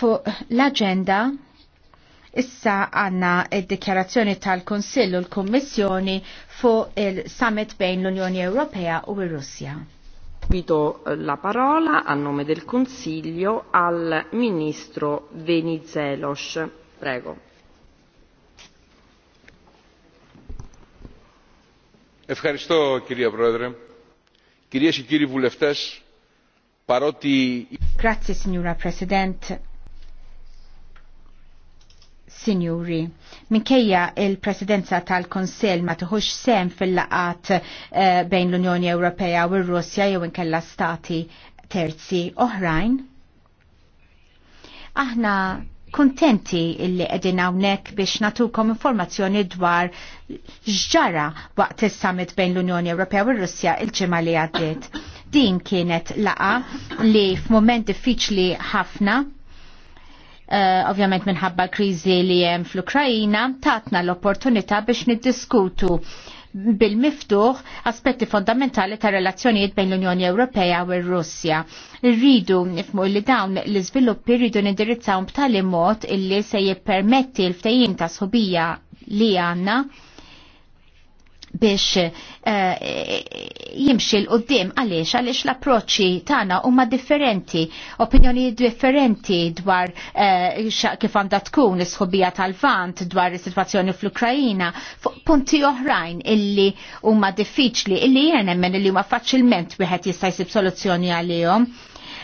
Fuq l-agenda issa għanna id-dikjarazzjoni tal konsillu l-Kommissjoni fuq il-summit bejn l-Unjoni Ewropea u r-Russja. Bido la parola a nome del Consiglio al Ministro Venizelos. Prego. Ευχαριστώ κυρία Πρόεδρε. Κυρίες και κύριοι βουλευτές, παρότι... Grazie signora Presidente. Signuri, minkejja il-presidenza tal-Konsell ma tħux sem fil-laqat eh, bejn l-Unjoni Ewropea u r-Russja jew inkella stati terzi oħrajn. Aħna kontenti illi qegħdin hawnhekk biex natukom informazzjoni dwar x'ġara waqt is-summit bejn l-Unjoni Ewropea u r-Russja il-ġimgħa li għaddiet. Din kienet laqa li f'mument diffiċli ħafna Eh, ovvjament minħabba kriżi li hemm fl-Ukrajina, tatna l-opportunità biex niddiskutu bil-miftuħ aspetti fondamentali ta' relazzjonijiet bejn l-Unjoni Ewropea u r-Russja. Rridu nifmu li dawn l-iżviluppi rridu nindirizzaw b'tali mod illi se jippermetti l-ftejjim ta' sħubija li għanna biex eh, jimxi l-qoddim għaliex għaliex l-approċċi tagħna huma differenti, opinjoni differenti dwar eh, kif għandha tkun is sħubija tal-vant dwar is-sitwazzjoni fl-Ukrajina fuq punti oħrajn illi huma diffiċli illi jien nemmen illi huma faċilment wieħed jista' jsib soluzzjoni għalihom.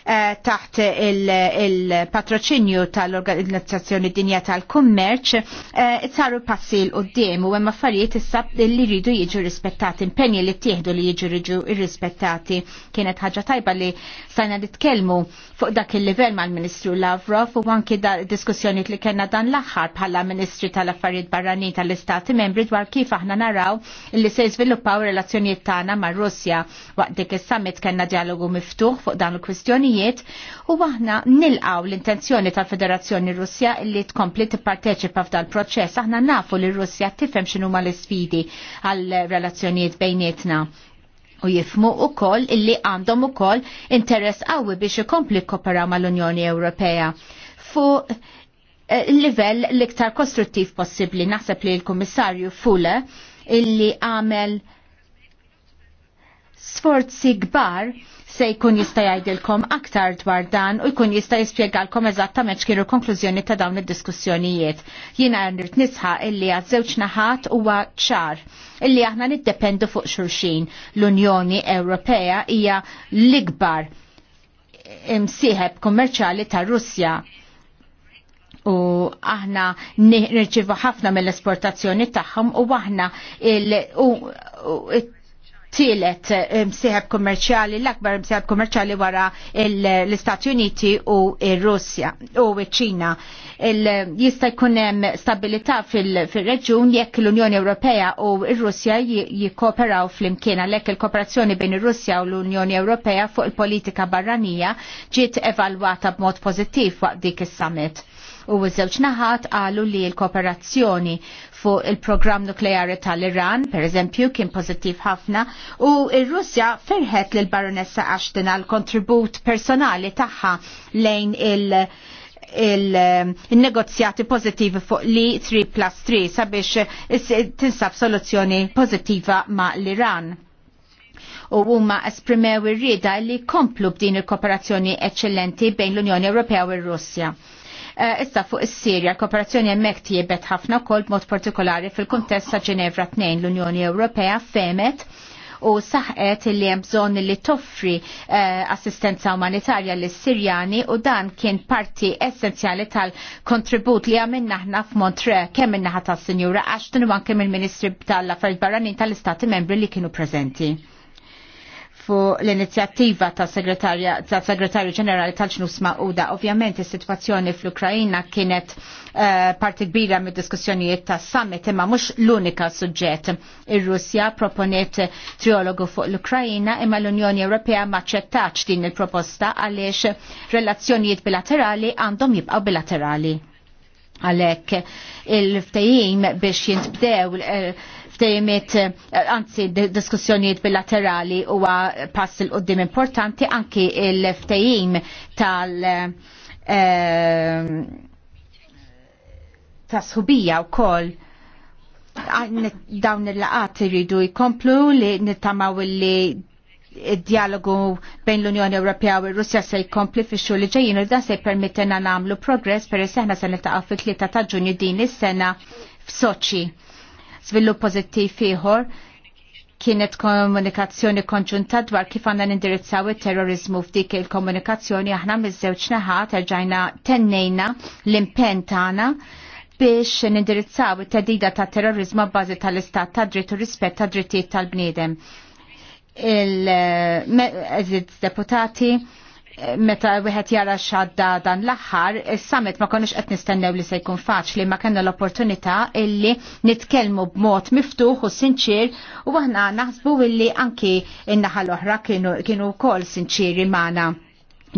Eh, taħt il-patroċinju tal-Organizzazzjoni Dinja tal-Kummerċ eh, saru passi l-qoddim u hemm affarijiet issa li jridu jiġu rispettati, impenji li tieħdu li jiġu jiġu rispettati. Kienet ħaġa tajba li stajna nitkellmu fuq dak il-livell mal-Ministru Lavrov u anki diskussjoni li kena dan l-aħħar bħala Ministri tal-Affarijiet Barranin tal-Istati Membri dwar kif aħna naraw li se jiżviluppaw relazzjonijiet tagħna mar-Russja waqt dik is-summit kellna dialogu miftuħ fuq dan il-kwistjonijiet kwistjonijiet u aħna nilqaw l-intenzjoni tal-Federazzjoni Russja li tkompli tipparteċipa f'dal proċess. Aħna nafu li Russja tifhem x'inhuma l-isfidi għal relazzjonijiet bejnietna u jifmu u koll illi għandhom u koll interess għawi biex ikompli kooperaw mal-Unjoni Ewropea. Fu l eh, level l-iktar kostruttiv possibli naħseb li l-Kummissarju Fule illi għamel sforzi gbar se jkun jista' jgħidilkom aktar dwar dan u jkun jista' jispjegalkom eżattament x'kienu konklużjoni ta' dawn id-diskussjonijiet. Jiena rrid nisħa illi għaż-żewġ naħat huwa ċar illi aħna niddependu fuq xulxin. L-Unjoni Ewropea hija l-ikbar imsieħeb kummerċjali ta' Russja u aħna nirċivu ħafna mill-esportazzjoni tagħhom u aħna tielet eh, msieħeb kummerċjali, l-akbar msieħeb kummerċjali wara l-Istati Uniti u r-Russja u ċ-Ċina. Jista' jkun hemm stabilità fil-reġjun jekk l-Unjoni Ewropea u r-Russja jikkooperaw flimkien għalhekk il-kooperazzjoni bejn ir-Russja u l-Unjoni Ewropea fuq il-politika barranija ġiet evalwata b'mod pożittiv waqt dik is-summit u ż-żewġ naħat għalu li l-kooperazzjoni fuq il-programm nukleari tal-Iran, per eżempju, kien pozittiv ħafna, u il-Russja ferħet l baronessa Ashton għal kontribut personali tagħha lejn il- il-negozjati il pozittivi fuq li 3 plus 3 sabiex tinsab soluzzjoni pozittiva ma l-Iran u huma esprimew ir-rieda li komplu b'din il-kooperazzjoni eċċellenti bejn l-Unjoni Ewropea u r-Russja. Eh, issa fuq is-Sirja kooperazzjoni hemmhekk tiebet ħafna wkoll b'mod partikolari fil-kuntest ta' Ġenevra tnejn l-Unjoni Ewropea femet u saħqet li hemm bżonn li toffri eh, assistenza umanitarja l sirjani u dan kien parti essenzjali tal-kontribut li għamilna aħna f'Montre kemm minnaħa tas-Sinjura Ashton u anke mill-Ministri tal-Affarijiet Barranin tal-Istati Membri li kienu preżenti. Fu l-inizjattiva ta' segretarju ġenerali tal-ġnus ma'uda. Ovvjament is-sitwazzjoni fl-Ukrajina kienet eh, parti kbira mid diskussjonijiet ta' summit imma mhux l-unika suġġett. Ir-Russja proponiet triologu fuq l-Ukrajina imma l-Unjoni Ewropea ma ċettax din il-proposta għaliex relazzjonijiet bilaterali għandhom jibqgħu bilaterali għalek il ftehim biex jintbdew eh, ftejmiet, eh, anzi diskussjonijiet bilaterali huwa pass il qoddim importanti anki il-ftejim tal- eh, ta' sħubija u koll dawn il-laqat iridu jkomplu li nittamaw li dialogu bejn l-Unjoni Ewropea u r-Russja se jkompli fi xhur li ġejjin u dan se jpermettilna nagħmlu progress peress aħna se nitaqgħu fit tlieta ta' Ġunju din is-sena f'Soċi Svillup pozittiv ieħor kienet komunikazzjoni konġunta dwar kif għandna nindirizzaw it-terrorizmu f'dik il-komunikazzjoni aħna miż-żewġ naħat erġajna tennejna l-impenn tagħna biex nindirizzaw it-tedida ta' terrorizmu bbażi tal-istat ta' dritt u rispett ta' drittijiet tal-bniedem. Il-deputati meta wieħed jara xadda dan l-aħħar, is-summit ma konniex qed nistennew li se jkun faċli, ma kellna l-opportunità illi nitkellmu b'mod miftuħ u sinċir u aħna naħsbu illi anki in-naħa l-oħra kienu wkoll sinċiri magħna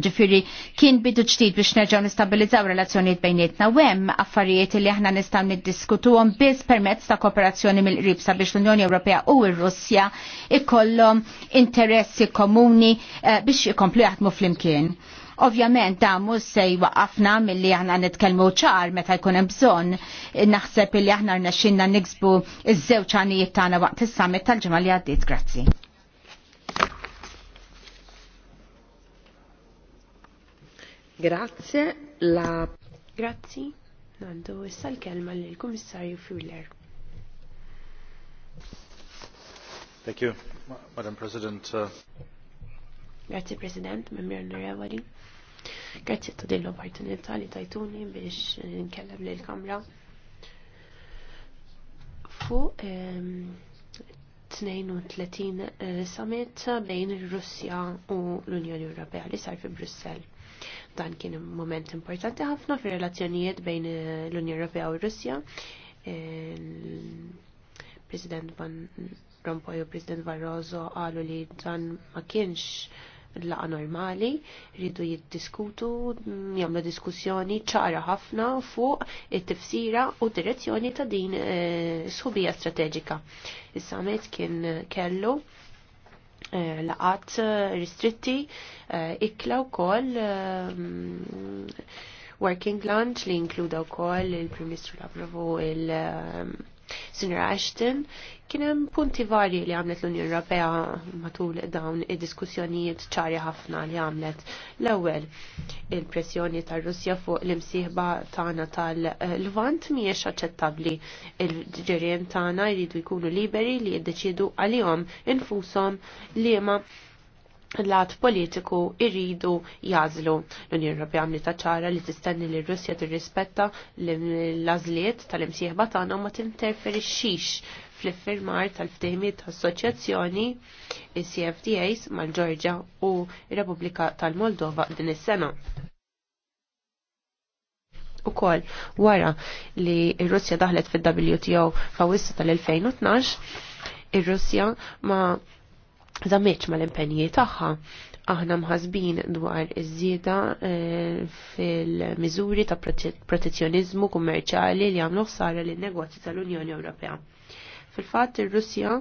Ġifiri, kien bidu ġdid biex nerġaw nistabilizzaw relazzjoniet bejnietna u hemm affarijiet li aħna nistgħu niddiskutuhom biss permezz ta' kooperazzjoni mill-qrib sabiex l-Unjoni Ewropea u r-Russja ikollhom interessi komuni eh, biex ikomplu jaħdmu flimkien. Ovvjament da mhux se jwaqafna milli aħna nitkellmu ċar meta jkun hemm bżonn naħseb li aħna rnexxinna niksbu iż-żewġ għanijiet tagħna waqt is-summit tal-ġimgħa li għaddiet. Grazzi. Grazie, la... Grazzi, nandu issa l-kelma l-Kummissarju Fuller. Thank you, Madam President. Uh... Grazie, President, membri onorevoli. Grazie ta' din l-opportunità li tajtuni biex eh, nkellem l kamra Fu um, ehm, 32 eh, summit bejn il-Russja u l-Unjoni Ewropea li sar fi Brussell Dan kien moment importanti ħafna fir relazzjonijiet bejn eh, l-Unjoni Ewropea u Russja. Eh, President Van Rompuy u President Barroso qalu li dan ma kienx laqa normali, rridu jiddiskutu, jagħmlu diskussjoni ċara ħafna fuq it-tifsira u direzzjoni ta' din eh, sħubija strateġika. Is-summit kien kellu Eh, laqat eh, ristritti, eh, ikla wkoll working lunch li inkluda wkoll il-Prim Ministru Lavrovu il- Sinra Ashton, kien hemm punti varji li għamlet l-Unjoni Ewropea matul dawn id-diskussjonijiet ċari ħafna li għamlet. L-ewwel il-pressjoni tar-Russja fuq l-imsieħba tagħna tal-Lvant mhijiex aċċettabbli. Il-ġirien tagħna jridu jkunu liberi li jiddeċiedu għalihom infushom liema l għat politiku irridu jazlu. L-Unjoni Ewropea għamlet ċara li tistenni li r-Russja tirrispetta l-għażliet tal-imsieħba tagħna ma tinterferixxix fl-iffirmar tal-ftehmiet assoċjazzjoni CFDAs mal ġorġja u r-Repubblika tal-Moldova din is-sena Ukoll wara li r Russja daħlet fil-WTO fawissu tal-2012, ir russja ma ma mal-impenji tagħha. Aħna mħazbin dwar iż-żieda eh, fil-miżuri ta' protezzjonizmu kummerċali li għamlu ħsara lin negozji tal-Unjoni Ewropea. Fil-fatt ir-Russja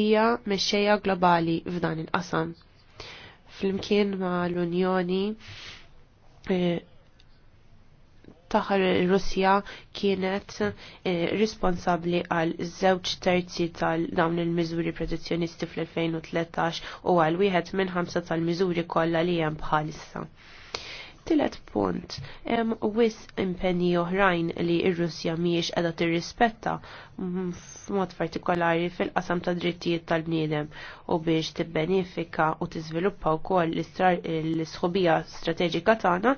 hija mexxejja globali f'dan il-qasam. Flimkien ma' l-Unjoni eh, Taħar Russja kienet eh, responsabli għal żewġ terzi tal dawn il-miżuri protezzjonisti fl-2013 u għal wieħed minn ħamsa tal-miżuri kollha li hemm bħalissa. Tilet punt, hemm wis impenji oħrajn li r-Russja mhijiex qiegħda tirrispetta f'mod partikolari fil-qasam ta' drittijiet tal-bniedem u biex tibbenefika u tiżviluppa wkoll l-isħobija strateġika tagħna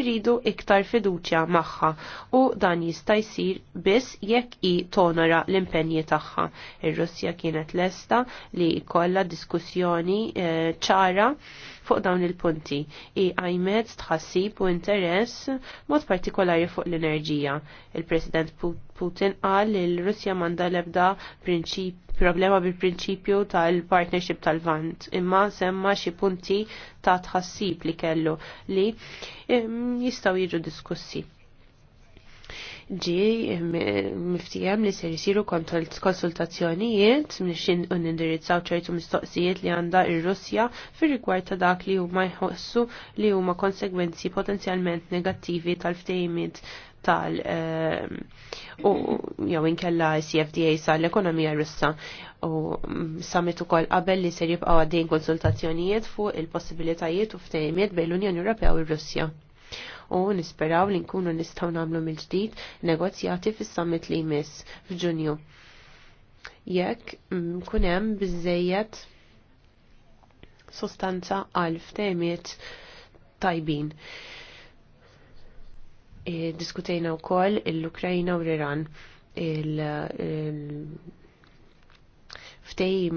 irridu iktar fiduċja magħha u dan jista' jsir biss jekk i tonora l-impenji tagħha. Ir-Russja kienet lesta li jkollha diskussjoni eh, ċara fuq dawn il-punti. I għajmet tħass tħassib u interess mod partikolari fuq l-enerġija. Il-President Putin qal li l-Russja manda lebda problema bil-prinċipju tal-partnership tal-vant imma semma xi punti ta' tħassib li kellu li jistaw jiġu diskussi ġi miftijem li ser jisiru konsultazzjonijiet mnixin un-indirizzaw ċertu mistoqsijiet li għanda ir-Russja fir rigward ta' dak li huma jħossu li huma konsegwenzi potenzjalment negattivi tal-ftejmiet tal- eh, u jew inkella CFDA e sal-ekonomija russa u summit ukoll qabel li ser jibqa' għaddejn konsultazzjonijiet fuq il-possibilitajiet u ftejmiet bejn l-Unjoni Ewropea u r-Russja u nisperaw li nkunu nistgħu nagħmlu mill-ġdid negozjati fis-summit li jmiss f'Ġunju. Jekk mm, kun hemm biżejjed sostanza għal temiet tajbin. E, diskutejna u l-Ukrajna u l-Iran il-ftejm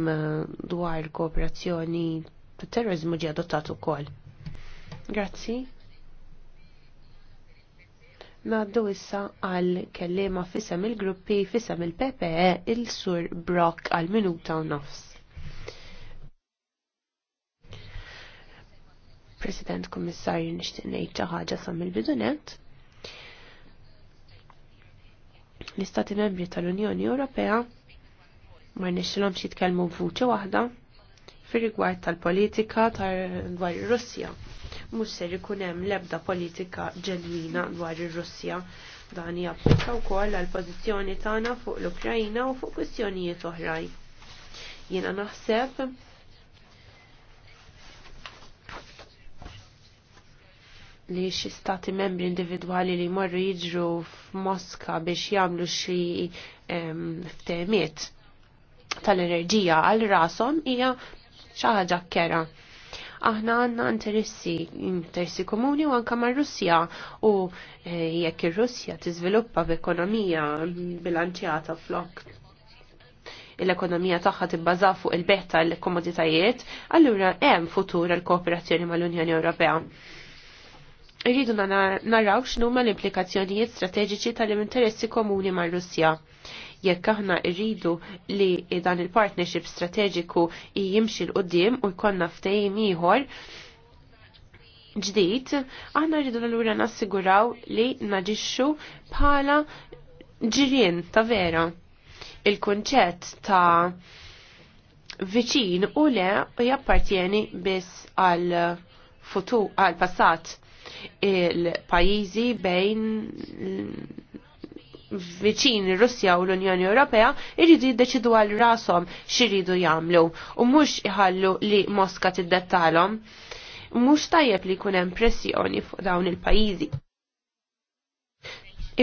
eh, dwar kooperazzjoni ta' terrorizmu ġi adottat ukoll. Grazzi. Naddu issa għal kellima fissam il-gruppi fissam il-PPE il-sur Brock għal minuta u nafs. President Kommissarju nixtieq ngħid xi ħaġa sa mill-bidunet. L-Istati Membri tal-Unjoni Ewropea ma rnexxilhomx jitkellmu b'vuċi waħda fir-rigward tal-politika dwar ir-Russja. Mhux ser ikun hemm l-ebda politika ġenwina dwar ir-Russja. Dan japplika wkoll għal pożizzjoni tagħna fuq l-Ukrajna u fuq kwistjonijiet oħrajn. Jiena naħseb li xi stati membri individwali li jmorru jiġru f'Mosca biex jagħmlu xi ftehmiet tal-enerġija għal rashom hija xaħġa ħaġa kera aħna għanna interessi, interessi komuni u anka ma' russija u eh, jekk ir-Russja tiżviluppa b'ekonomija bilanċjata flok l-ekonomija tagħha tibbaza fuq il-beħ tal-komoditajiet, allura hemm futur l kooperazzjoni mal-Unjoni Ewropea. Irridu naraw x'numa l-implikazzjonijiet strateġiċi tal-interessi komuni mar russija jekk aħna rridu li dan il-partnership strateġiku jimxi l-qoddim u jkollna ftehim ieħor ġdid, aħna rridu l-lura nassiguraw li naġixxu bħala ġirien ta' vera. Il-konċett ta' viċin u le jappartieni biss għal futur għal passat il-pajizi bejn viċin ir-Russja u l-Unjoni Ewropea jridu jiddeċidu għal rashom jridu jagħmlu u mhux iħallu li Moska tiddettalhom. Mhux tajjeb li jkun hemm pressjoni fuq dawn il-pajjiżi.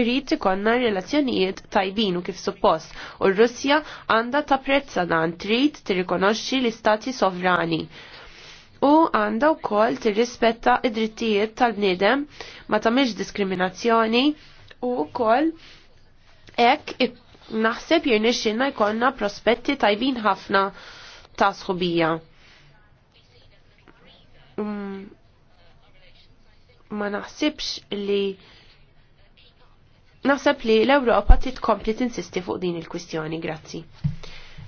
Irrid ikollna relazzjonijiet tajbin u kif suppost u r-Russja għandha tapprezza dan trid tirrikonoxxi l-istati sovrani u għanda u kol tirrispetta id-drittijiet tal-bnidem ma tamiex diskriminazzjoni u kol Ek naħseb jirnexxinna jkollna prospetti tajbin ħafna ta' sħubija. Um, ma naħsibx li naħseb li l-Ewropa titkompli tinsisti fuq din il-kwistjoni, grazzi.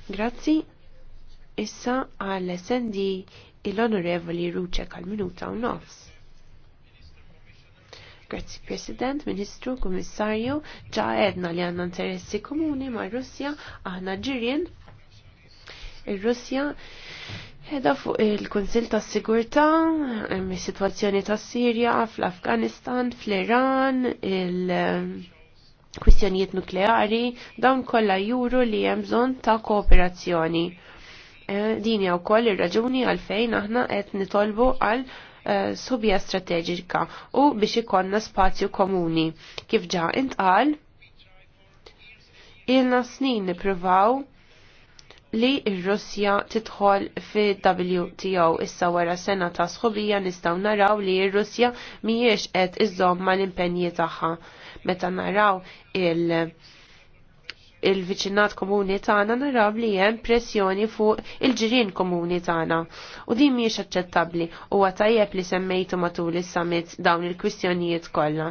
Grazzi, issa għall-SND il-Onorevoli Ruċek għal-minuta u nofs. Grazzi President, Ministru, Kummissarju, ġa edna li għanna interessi komuni ma' Russja, aħna ġirien. Ir-Russja edha fuq il konsil ta' Sigurta, il-situazzjoni ta' Sirja, fl-Afganistan, fl-Iran, il- kwistjonijiet nukleari, dawn kollha juru li hemm bżonn ta' kooperazzjoni. Eh, din hija wkoll ir-raġuni għalfejn aħna qed nitolbu għal Eh, subija strateġika u biex ikonna spazju komuni. Kif ġa intqal, ilna snin nipruvaw li r-Russja titħol fi WTO issa wara sena ta' sħubija nistaw naraw li r-Russja miex qed iżomm mal-impenji tagħha. Meta naraw il- il-viċinat komuni tagħna narab li hemm pressjoni fuq il ġirin komuni tagħna. U din mhijiex aċċettabbli huwa tajjeb li semmejtu matul is-summit dawn il-kwistjonijiet kollha.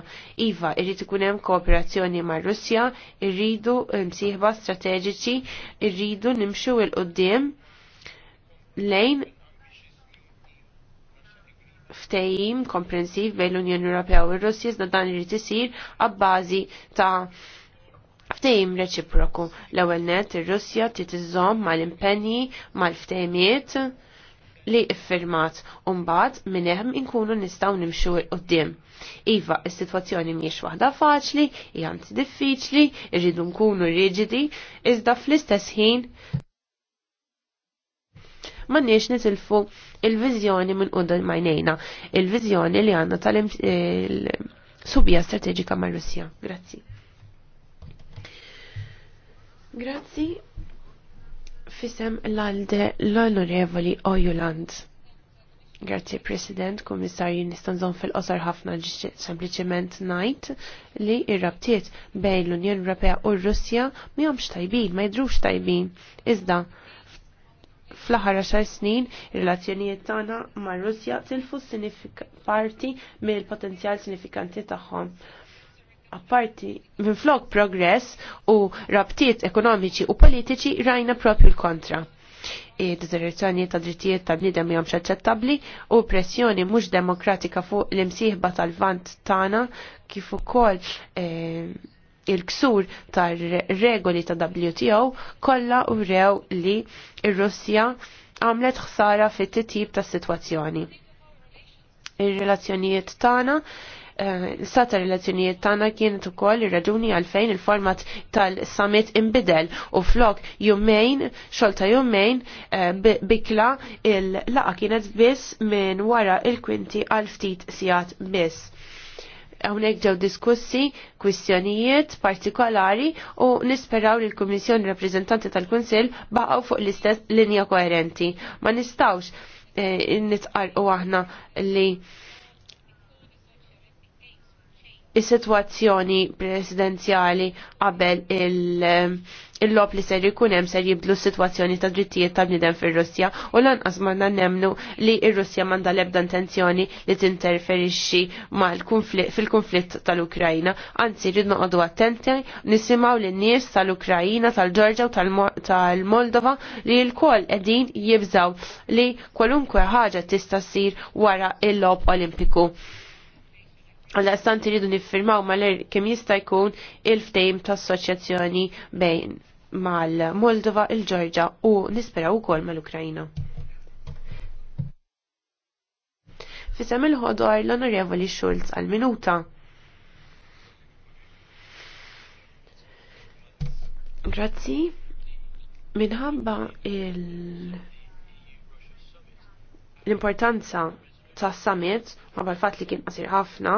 Iva, irrid ikun hemm kooperazzjoni mar-Russja, irridu msieħba strateġiċi, irridu nimxu il qudiem lejn ftejim komprensiv bejn l-Unjoni Ewropea u r-Russja iżda dan irid isir għabbażi ta' ftejm reċiproku. L-ewwel net ir-Russja trid iżżomm mal-impenji mal-ftejmiet li iffirmat u mbagħad minn hemm inkunu nistgħu nimxu il qudiem. Iva, is-sitwazzjoni mhijiex waħda faċli, hija diffiċli, irridu nkunu riġidi, iżda fl-istess ħin ma nix nitilfu il-vizjoni minn qudel majnejna, il-vizjoni li għanna tal-subija strategika mal Russja. Grazzi. Grazzi. Fisem l-alde l-onorevoli Ojuland. Grazzi President, Komissarju nistanżon fil-qosar ħafna sempliciment najt li ir-rabtiet bejn l-Unjoni Ewropea u r-Russja mihomx tajbin, ma jidrux tajbin. Iżda, fl-aħħar 10 snin ir-relazzjonijiet tagħna mar-Russja tilfu parti mill-potenzjal sinifikanti tagħhom apparti minflok progress u rabtiet ekonomiċi u politiċi rajna propju l-kontra. Id-dizerrazzjoni ta' drittijiet ta' bnidem jom aċċettabbli u pressjoni mhux demokratika fuq l-imsieħba tal-vant tagħna kif ukoll eh, il-ksur tar regoli ta' WTO kollha u rew li r-Russja għamlet ħsara fit-titjib tas-sitwazzjoni. Ir-relazzjonijiet tagħna sata relazzjonijiet tagħna kienet ukoll ir-raġuni għalfejn il-format tal-summit imbidel u flok jumejn xolta jumejn eh, bikla il-laqa kienet biss minn wara il-kwinti għal ftit sigħat biss. Hawnhekk ġew diskussi kwistjonijiet partikolari u nisperaw li l-Kummissjoni Rappreżentanti tal-Kunsill baqgħu fuq l-istess linja koerenti. Ma nistgħux eh, nitqarqu aħna li is-sitwazzjoni presidenzjali qabel il-lob li ser jkun hemm ser jibdlu s-sitwazzjoni ta' drittijiet ta' bniedem fir-Russja u lanqas ma nemmnu li r-Russja m'għandha l-ebda intenzjoni li tinterferixxi fil-konflitt tal-Ukrajna. Anzi, rrid noqogħdu attenti nisimgħu lin-nies tal-Ukrajna, tal-Ġorġa u tal-Moldova li l-kol qegħdin jibżaw li kwalunkwe ħaġa tista' ssir wara il-lob Olimpiku għalla stanti rridu niffirmaw mal-er kem jista' jkun il-ftejm ta' assoċjazzjoni bejn mal-Moldova, il-Ġorġa u nisperaw ukoll mal-Ukrajna. Fisem il-ħodor l-Onorevoli Schulz għal-minuta. Grazzi. Minħabba il- l-importanza ta' summit, ma' bal-fat li kien qasir ħafna,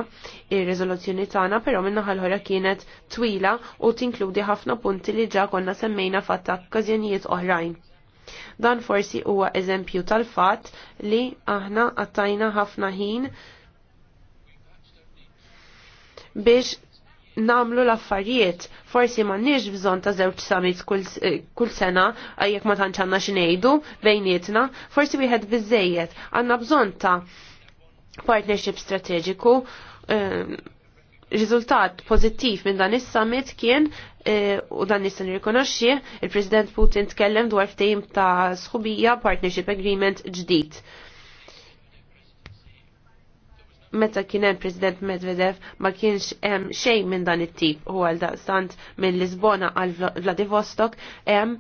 il rezoluzzjoni tagħna però minnaħa l-ħora kienet twila u tinkludi ħafna punti li ġa konna semmejna fatta okkażjonijiet oħrajn. Dan forsi huwa eżempju tal-fatt li aħna għattajna ħafna ħin biex namlu l-affarijiet. Forsi ma nix bżon ta' zewċ summits kull eh, sena, għajek ma tanċanna xinejdu bejnietna, forsi wieħed bizzejiet. Għanna bżon ta' partnership strategiku. Ehm, riżultat pozittiv minn dan is-summit kien eh, u dan nista' nirrikonoxxi il-President Putin tkellem dwar ftehim ta' sħubija partnership agreement ġdid meta kien hemm President Medvedev ma kienx hemm xejn minn dan it-tip u għal daqstant minn Lisbona għal Vladivostok hemm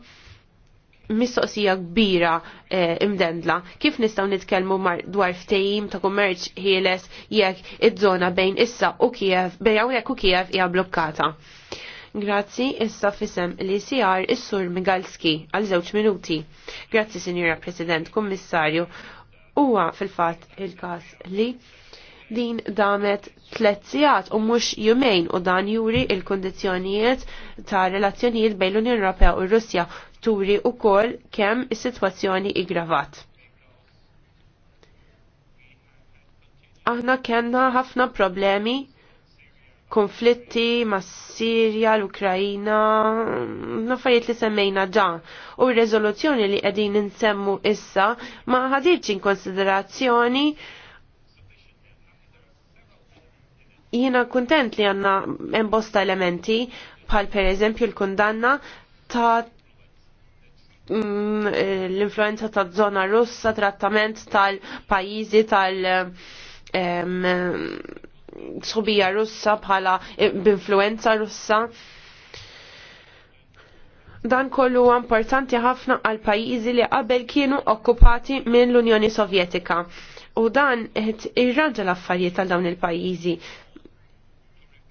mistoqsija kbira e, imdendla. Kif nistaw nitkelmu dwar ftejim ta' kummerċ ħieles jekk id-żona bejn issa u Kiev, bejn hawnhekk u Kiev hija blokkata. Grazzi, issa fisem li sijar is-Sur Migalski għal żewġ minuti. Grazzi, Sinjura President, Kummissarju. Huwa fil-fatt il-każ li din damet tletzijat sigħat u mhux jumejn u dan juri il-kondizzjonijiet ta' relazzjonijiet bejn l-Unjoni Ewropea u r-Russja turi wkoll kemm is-sitwazzjoni iggravat. Aħna kellna ħafna problemi konflitti ma' Sirja, l-Ukrajina, nafajiet li semmejna ġa. U r-rezoluzzjoni li qegħdin insemmu issa ma ħadirċin in konsiderazzjoni Jiena kuntent li għanna embosta elementi bħal per eżempju l-kundanna ta' mm, l-influenza ta' zona russa, trattament tal-pajizi tal- sħubija russa bħala b'influenza russa. Dan kollu huwa importanti ħafna għal pajjiżi li qabel kienu okkupati minn l-Unjoni Sovjetika. U dan qed irraġa l-affarijiet għal dawn il-pajjiżi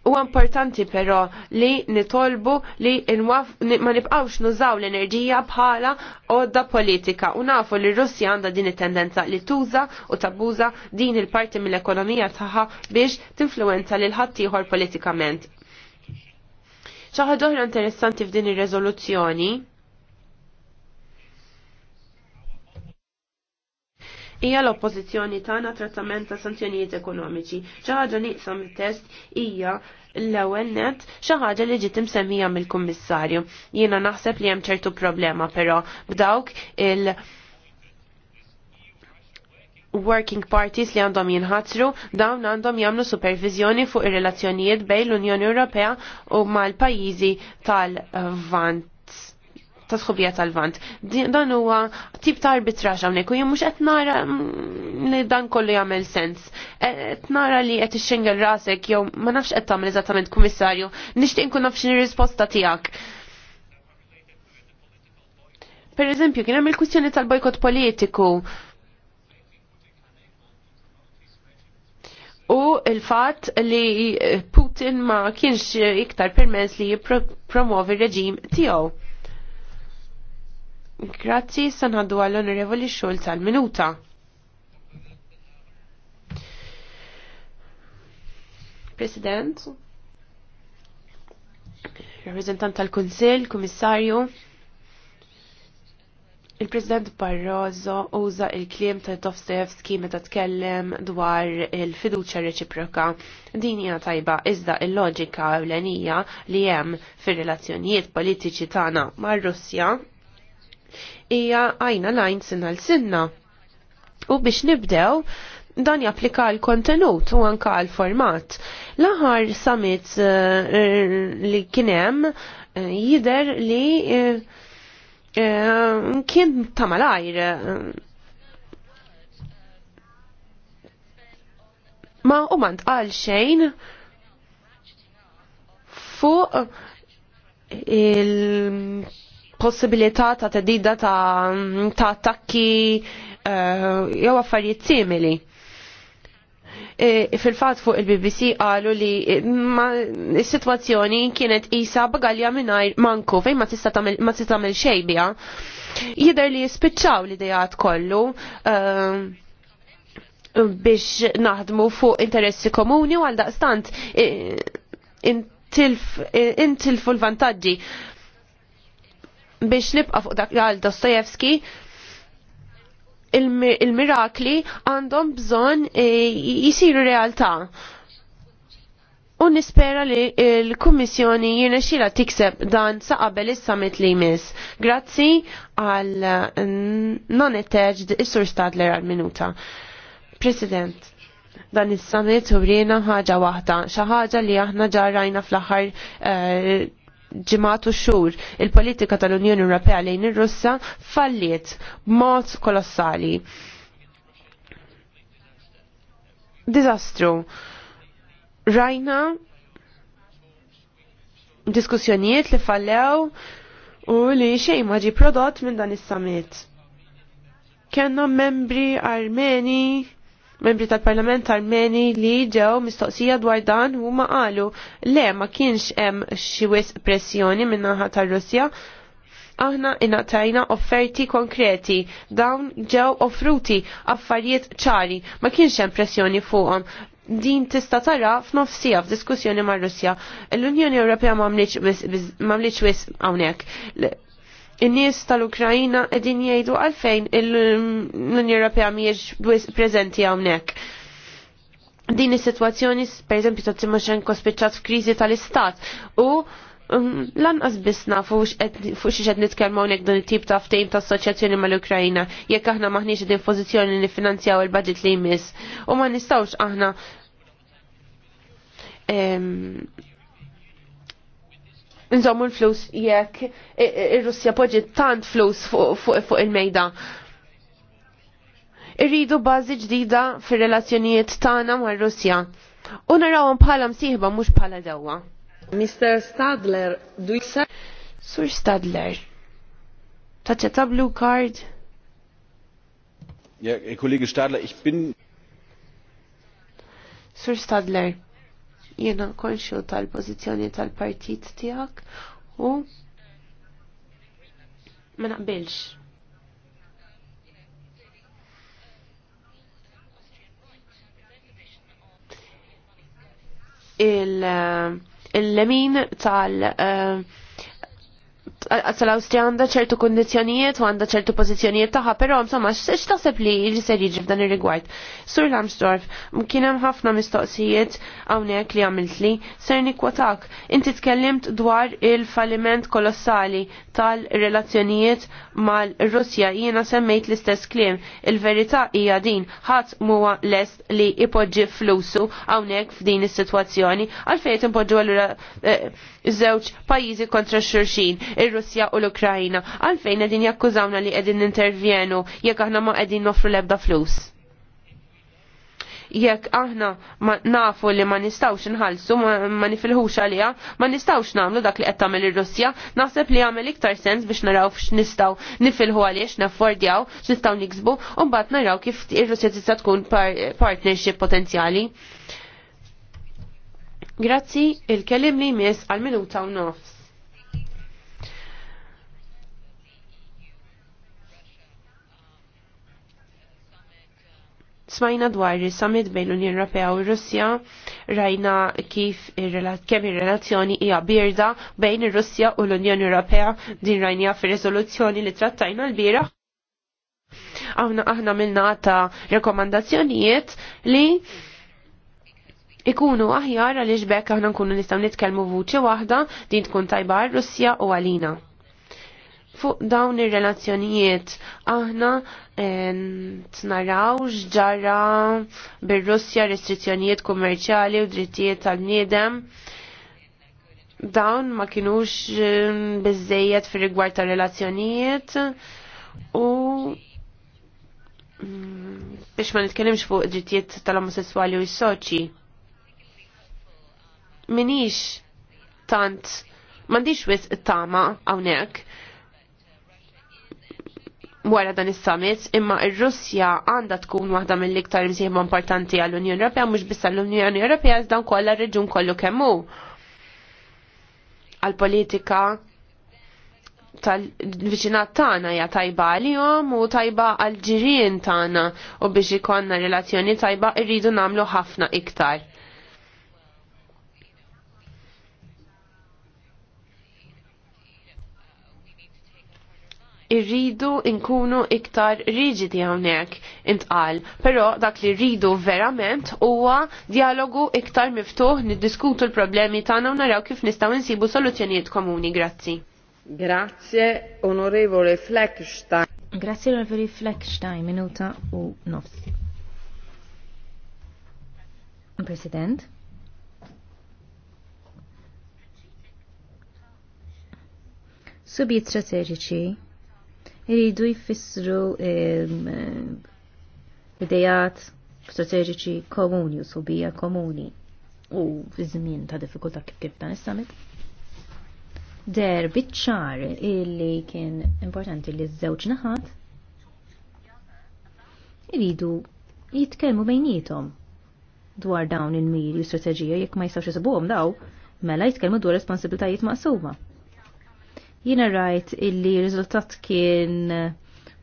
U importanti però li nitolbu li ma nibqawx nużaw l-enerġija bħala odda politika. U nafu li Russja għandha din it-tendenza li tuża u tabbuża din il-parti mill-ekonomija tagħha biex tinfluenza lil ħaddieħor politikament. Xi oħra interessanti f'din ir-reżoluzzjoni hija l-oppożizzjoni tagħna trattament ta' sanzjonijiet ekonomiċi. Xi ħaġa nieqsam it-test hija l-ewwel net xi ħaġa li ġiet imsemmija mill-Kummissarju. Jiena naħseb li hemm ċertu problema però b'dawk il- working parties li għandhom jinħatru dawn għandhom jagħmlu supervizjoni fuq ir-relazzjonijiet bejn l-Unjoni Ewropea u mal-pajjiżi tal-Vant ta' sħubija tal-vant. Dan huwa tip ta' arbitraġ hawnhekk u jien mhux qed nara mm, li dan kollu jagħmel sens. E, qed nara li qed ixxengel rasek jew ma nafx qed tagħmel eżattament kummissarju, nixtieq inkun nafx ir risposta tiegħek. Per eżempju, kien hemm il-kwistjoni tal-bojkot politiku. U il-fat li Putin ma kienx iktar permess li jipromovi reġim tiegħu. Grazzi, sanħaddu għall-Onorevoli Schulz għal-minuta. President, rappresentant tal-Kunsil, Komissarju, Il-President Barroso uża il-kliem ta' Dostoevski meta tkellem dwar il-fiduċa reċiproka. Din hija tajba iżda il-loġika ewlenija li hemm fir-relazzjonijiet politiċi tagħna mar-Russja hija għajna lajn sinna l-sinna. U biex nibdew, dan japplika l-kontenut u anka l-format. L-aħar summit uh, li kienem uh, eh, jider li uh, kien tamalajr. Ma u mand għal xejn fuq il possibilità ta' tedida ta' attakki eh, jew affarijiet simili. E, fil-fat fuq il-BBC għalu li s-situazzjoni kienet isa bagalja mingħajr manku fejn ma tista tamil xejbija. Jider li jispiċċaw l-idejat kollu uh, biex naħdmu fuq interessi komuni u għal daqstant eh, intilfu in l vantaġġi biex nibqa fuq dak għal Dostojevski il-mirakli għandhom bżon e, jisiru realtà. U nispera li l-Kummissjoni jirna xila tikseb dan sa' qabel is-summit li jmiss. Grazzi għal non-etteġd is-sur Stadler għal-minuta. President, dan is-summit u ħaġa waħda, xi ħaġa li aħna ġarrajna fl-aħħar eh, ġimgħatu xhur il-politika tal-Unjoni Ewropea lejn ir-Russja falliet b'mod kolossali. Diżastru. Rajna diskussjonijiet li fallew u li xejn ma ġi prodott minn dan is-summit. Kenna membri Armeni membri tal-Parlament Armeni li ġew mistoqsija dwar dan huma qalu le ma kienx hemm xi wis pressjoni minn naħa tar-Russja. Aħna inatajna offerti konkreti, dawn ġew offruti affarijiet ċari, ma kienx hemm pressjoni fuqhom din tista tara f'nofsija f'diskussjoni mar Russja. L-Unjoni Ewropea m'għamlitx wis hawnhekk in-nies tal-Ukrajina qegħdin jgħidu għalfejn l-Unjoni Ewropea mhijiex preżenti hawnhekk. Din is-sitwazzjoni pereżempju ta' Timoshenko spiċċat f'kriżi tal-Istat u um, lanqas biss nafu fuq xi qed nitkellmu hawnhekk dan it-tip ta' ftehim ta' assoċjazzjoni mal-Ukrajna jekk aħna maħniex qegħdin pożizzjoni li il-budget li jmiss u ma nistgħux aħna nżommu l-flus jekk ir-Russja poġġi tant flus fuq il-mejda. Irridu bażi ġdida fir-relazzjonijiet tagħna mar-Russja. U narawhom bħala msieħba mhux bħala dewwa. Mr. Stadler, du Sur Stadler, taċċetta blue card? Ja, kollegi Stadler, ich bin... Sur Stadler, jena konxu tal pozizjoni tal-partit tijak u ma naqbilx. Eh, il-lemin tal- uh, għal-Austria għanda ċertu kondizjonijiet u għanda ċertu pozizjonijiet taħħa, pero insomma, x'taħseb taħseb li jiġiser jiġi f'dan ir-rigward. Sur Lamsdorf, kien hemm ħafna mistoqsijiet hawnhekk li għamilt li, ser nikwatak. Inti tkellimt dwar il-falliment kolossali tal-relazzjonijiet mal-Russja jiena semmejt l-istess kliem. Il-verità hija din, ħadd huwa lest li ipoġġi flusu hawnhekk f'din is-sitwazzjoni għalfejn impoġġu allura eh, iż-żewġ pajjiżi kontra xurxin, ir-Russja u l-Ukrajna. Għalfejn qegħdin jakkużawna li qegħdin intervjenu jekk aħna ma qegħdin nofru l-ebda flus. Jekk aħna ma nafu li ma nistawx inħallsu ma nifilħux għaliha, ma nistawx nagħmlu dak li qed tagħmel ir-Russja, naħseb li jagħmel iktar sens biex naraw x'nistgħu nifilħu għaliex naffordjaw, x'nistgħu niksbu, u mbagħad naraw kif ir-Russja tista' tkun partnership potenzjali. Grazzi, il-kelim li jmiss għal-minuta u nofs. Smajna dwar il-summit bejn l-Unjoni Ewropea u Russja, rajna kif kemm ir-relazzjoni hija birda bejn ir-Russja u l-Unjoni Ewropea din rajnija fir-riżoluzzjoni li trattajna l-bira. Aħna aħna milna ta' rekomandazzjonijiet li ikunu aħjar għal iġbek aħna nkunu nistgħu nitkellmu vuċi waħda din tkun tajba russja u għalina. Fuq dawn ir-relazzjonijiet aħna naraw x'ġara bir-Russja restrizzjonijiet kummerċjali u drittijiet tal niedem dawn ma kinux bizzejiet fir-rigward tar-relazzjonijiet u mm, biex ma nitkellimx fuq drittijiet tal-omosessuali u s-soċi minix tant mandiċ wis it-tama għawnek wara dan is-summit imma ir-Russja għandha tkun waħda mill-iktar imsieħba importanti għall-Unjoni Ewropea mhux biss għall-Unjoni Ewropea iżda wkoll għar-reġjun kollu kemm hu. Għall-politika tal-viċinat tagħna hija tajba għalihom u tajba għal ġirien tagħna u biex ikonna relazzjoni tajba irridu nagħmlu ħafna iktar. irridu nkunu iktar riġidi hawnhekk intqal, però dak li rridu verament huwa dialogu iktar miftuħ niddiskutu l-problemi tagħna u naraw kif nistgħu insibu soluzzjonijiet komuni. Grazzi. Grazie, onorevole Fleckstein. Grazie, onorevole Fleckstein, minuta u nofs. President. Subiet strateġiċi iridu jfissru idejat strateġiċi komuni u subija komuni u fi żmien ta' diffikulta kif kif dan is-summit. Der bitċar illi kien importanti li ż-żewġ naħat iridu jitkellmu bejnietom dwar dawn il-miri u strateġija jekk ma jistawx isibuhom daw mela jitkellmu dwar responsabilitajiet maqsuma. Jiena rajt illi riżultat kien eh,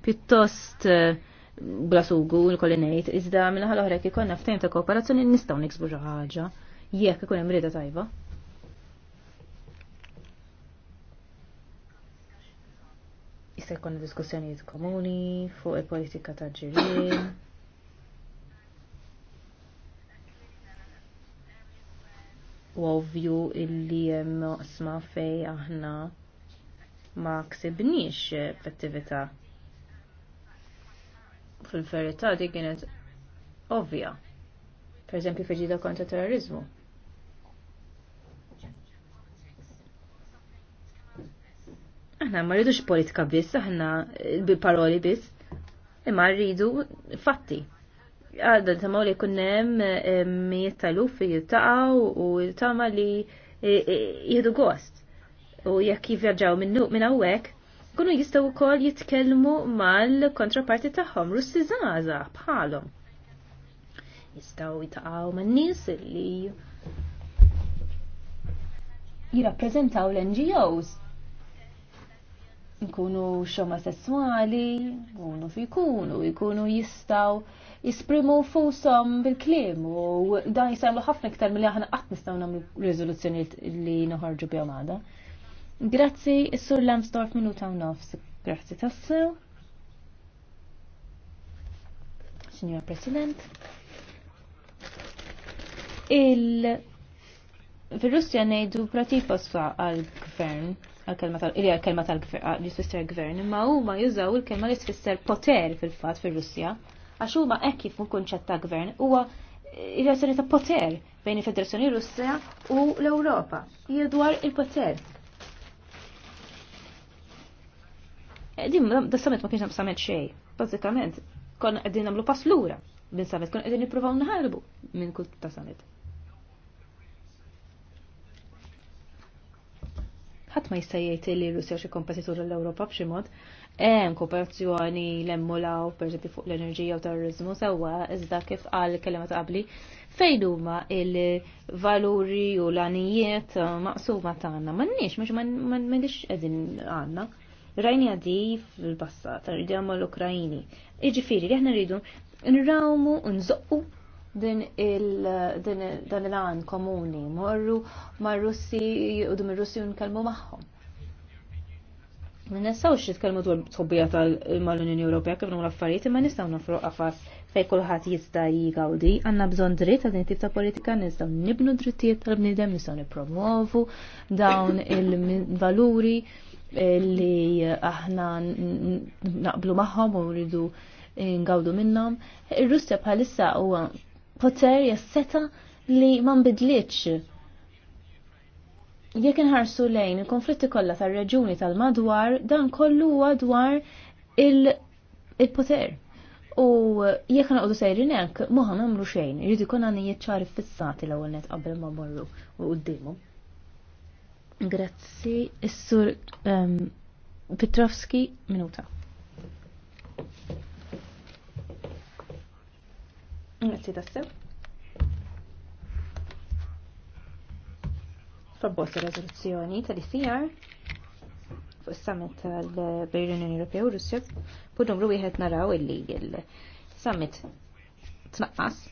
pjuttost eh, blasugu u l ngħid, iżda minn ħal oħra kikonna ftejn ta' kooperazzjoni nistgħu niksbu ħaġa jekk ikun hemm tajba. Issa jkun diskussjonijiet komuni fuq il-politika ta' ġirien. u ovvju illi hemm noqsma fej aħna ma ksibniex f'attività eh, Fil-verità di kienet ovvja. Per eżempju fil kontra terrorizmu. Aħna ma rridux politika biss, aħna eh, bil-paroli biss, imma rridu fatti għadda eh, ta' li kunnem mi tal-uffi jittaqaw u jittama li jihdu gost u jekk jivvjaġġaw minnu minn hawnhekk, kunu jistgħu wkoll jitkellmu mal-kontraparti tagħhom Russi żgħażagħ bħalhom. Jistgħu jitaqgħu man-nies li jirrappreżentaw l-NGOs nkunu xoma sessuali, nkunu fikunu, jkunu jistaw jisprimu fusom bil-klim u dan jisamlu ħafna iktar mill-li aħna qatt nistgħu nagħmlu riżoluzzjonijiet li noħorġu bjom għada. Grazzi, Sur Lamsdorf minuta u nofs. Grazzi tassu. Signor President. Il Fil-Russja nejdu pratifosfa għal-gvern, għal-kelma tal-gvern, li tfisser gvern, imma huma jużaw il-kelma li jisfisser poter fil-fat fil-Russja, għax huma hekk kif kunċet ta' gvern huwa għal-jisfisser ta' poter bejn il-Federazzjoni Russja u l-Ewropa. Jidwar il-poter. Eh, din da samet ma kienx nam samet xejn. Bażikament kon qegħdin nagħmlu pass lura minn samet, kon qegħdin niprofaw naħarbu minn kull ta' summit. ħadd ma jista' jgħid li Russja xi kompetitur l-Ewropa bximod, hemm kooperazzjoni l-emmulaw pereżempju fuq l-enerġija u terrorizmu sewwa iżda kif għal kelema ta' qabli fejn huma il-valuri u l anijiet eh, maqsuma tagħna. M'għandniex mhux nix qegħdin għandna. Rajni għaddi fil-passat, rridi għamma l-Ukrajini. Iġifiri, li ħna rridu nrawmu, nżoqqu din il dan il-għan komuni, morru ma' Russi u dum il-Russi unkalmu maħħom. Nessaw xie tkellmu dwar tobbija tal-Unjoni Ewropea kif l affarijiet, imma nistgħu nafru għafas fejn kulħadd jista' jigawdi. għanna bżonn dritt għal tip ta' politika, nistgħu nibnu drittijiet tal-bniedem, nistgħu nippromovu dawn il-valuri li aħna naqblu maħħom u rridu ngawdu minnom. Ir-Russja bħalissa huwa poter jasseta li ma nbidlitx. Jekk inħarsu lejn il-konflitti kollha tar-reġuni tal-madwar dan kollu huwa dwar il-poter. U jekk naqdu sejrin hekk, moħa nagħmlu xejn, irid ikun għandna ċari fissati l-ewwel net qabel ma morru u qudiemhom. Grazzi. Is-sur um, Petrovski, minuta. Grazzi tassew. Proposta rezoluzzjoni tal-ICR fuq is-summit tal-Bejn Unjoni Ewropea u Russja fuq numru wieħed naraw illi il summit tnaqqas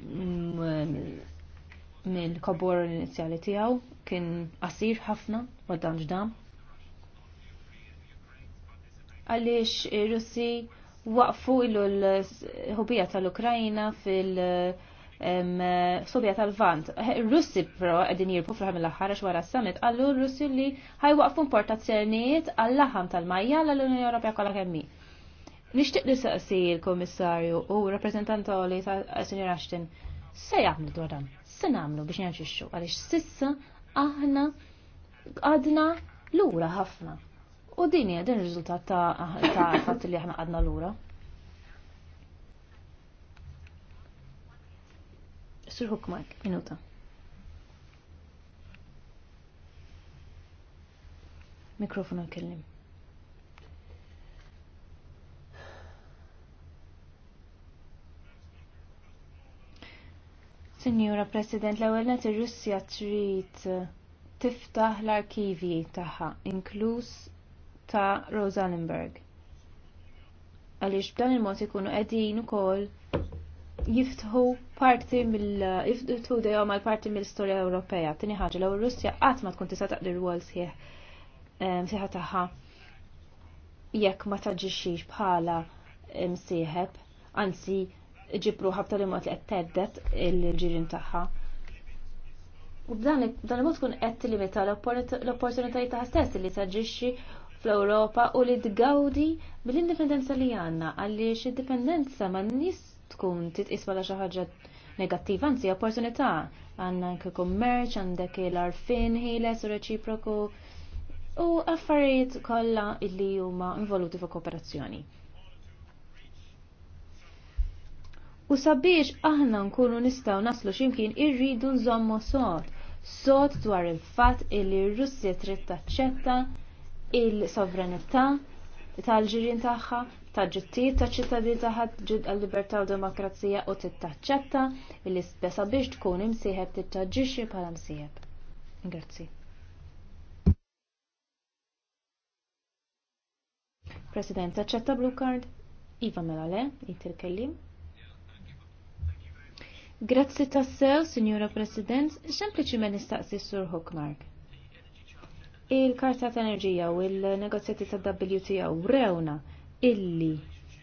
mm, mill kabor l-inizjali tiegħu kien qasir ħafna ma dan ġdam. Għaliex ir-Russi waqfu ilu l-ħubija tal ukrajina fil- Sobja tal-Vant. Eh, Russi pro għedin jirpu fl mill aħħar għax wara s-summit, għallu Russi li ħajwaqfu importazzjoniet għall-laħam tal-majja l-Unjoni Ewropea kollha kemmi. Nixtieq li saqsi il komissarju u rappresentant li ta' Sinjor Ashton se jagħmlu dwar dan se nagħmlu biex nirġixxu għaliex sissa aħna għadna lura ħafna. U din hija din riżultat ta' fatt li aħna għadna lura. Sir Hukmark, minuta. Mikrofonu kellim. Sinjura President, l-ewwel net ir-Russja trid tiftaħ l-arkivji tagħha, inkluż ta' Rosa Għaliex b'dan il-mod ikunu qegħdin ukoll jiftħu parti mill jiftħu dejjem għal parti mill-istorja Ewropea. Tieni ħaġa l Russja qatt ma tkun tista' taqdir wol sieħ ehm, sieħa tagħha jekk ma taġixix bħala msieħeb, anzi ġibru ħabta li mod li qed teddet il-ġirin tagħha. U b'dan il-mod tkun qed tilimita l-opportunitajiet ta' stess li taġixxi fl-Ewropa u li tgawdi mill-indipendenza li għandna għaliex id-dipendenza ma' nis tkun titqis bħala xi ħaġa negattiva, anzi opportunità għandna anke kummerċ, għandek il arfin ħieles u reċiproku u affarijiet kollha illi huma involuti fuq kooperazzjoni. U sabiex aħna nkunu nistgħu naslu x'imkien irridu nżommu sot. Sod dwar il-fatt illi r-Russja trid taċċetta il-sovranità tal-ġirien tagħha, ġittijiet ta' ċittadin tagħha ġid għall-libertà u demokrazija u tittaċċetta li spesa biex tkun imsieħeb tittaġġixxi bħala msieħeb. Grazzi. President, taċċetta blue card? Iva mela le, kellim Grazzi tassew, Signora President, X'empliċi men nistaqsi Sur Hookmark. Il-karta ta' enerġija u il-negozjati ta' WTO rewna illi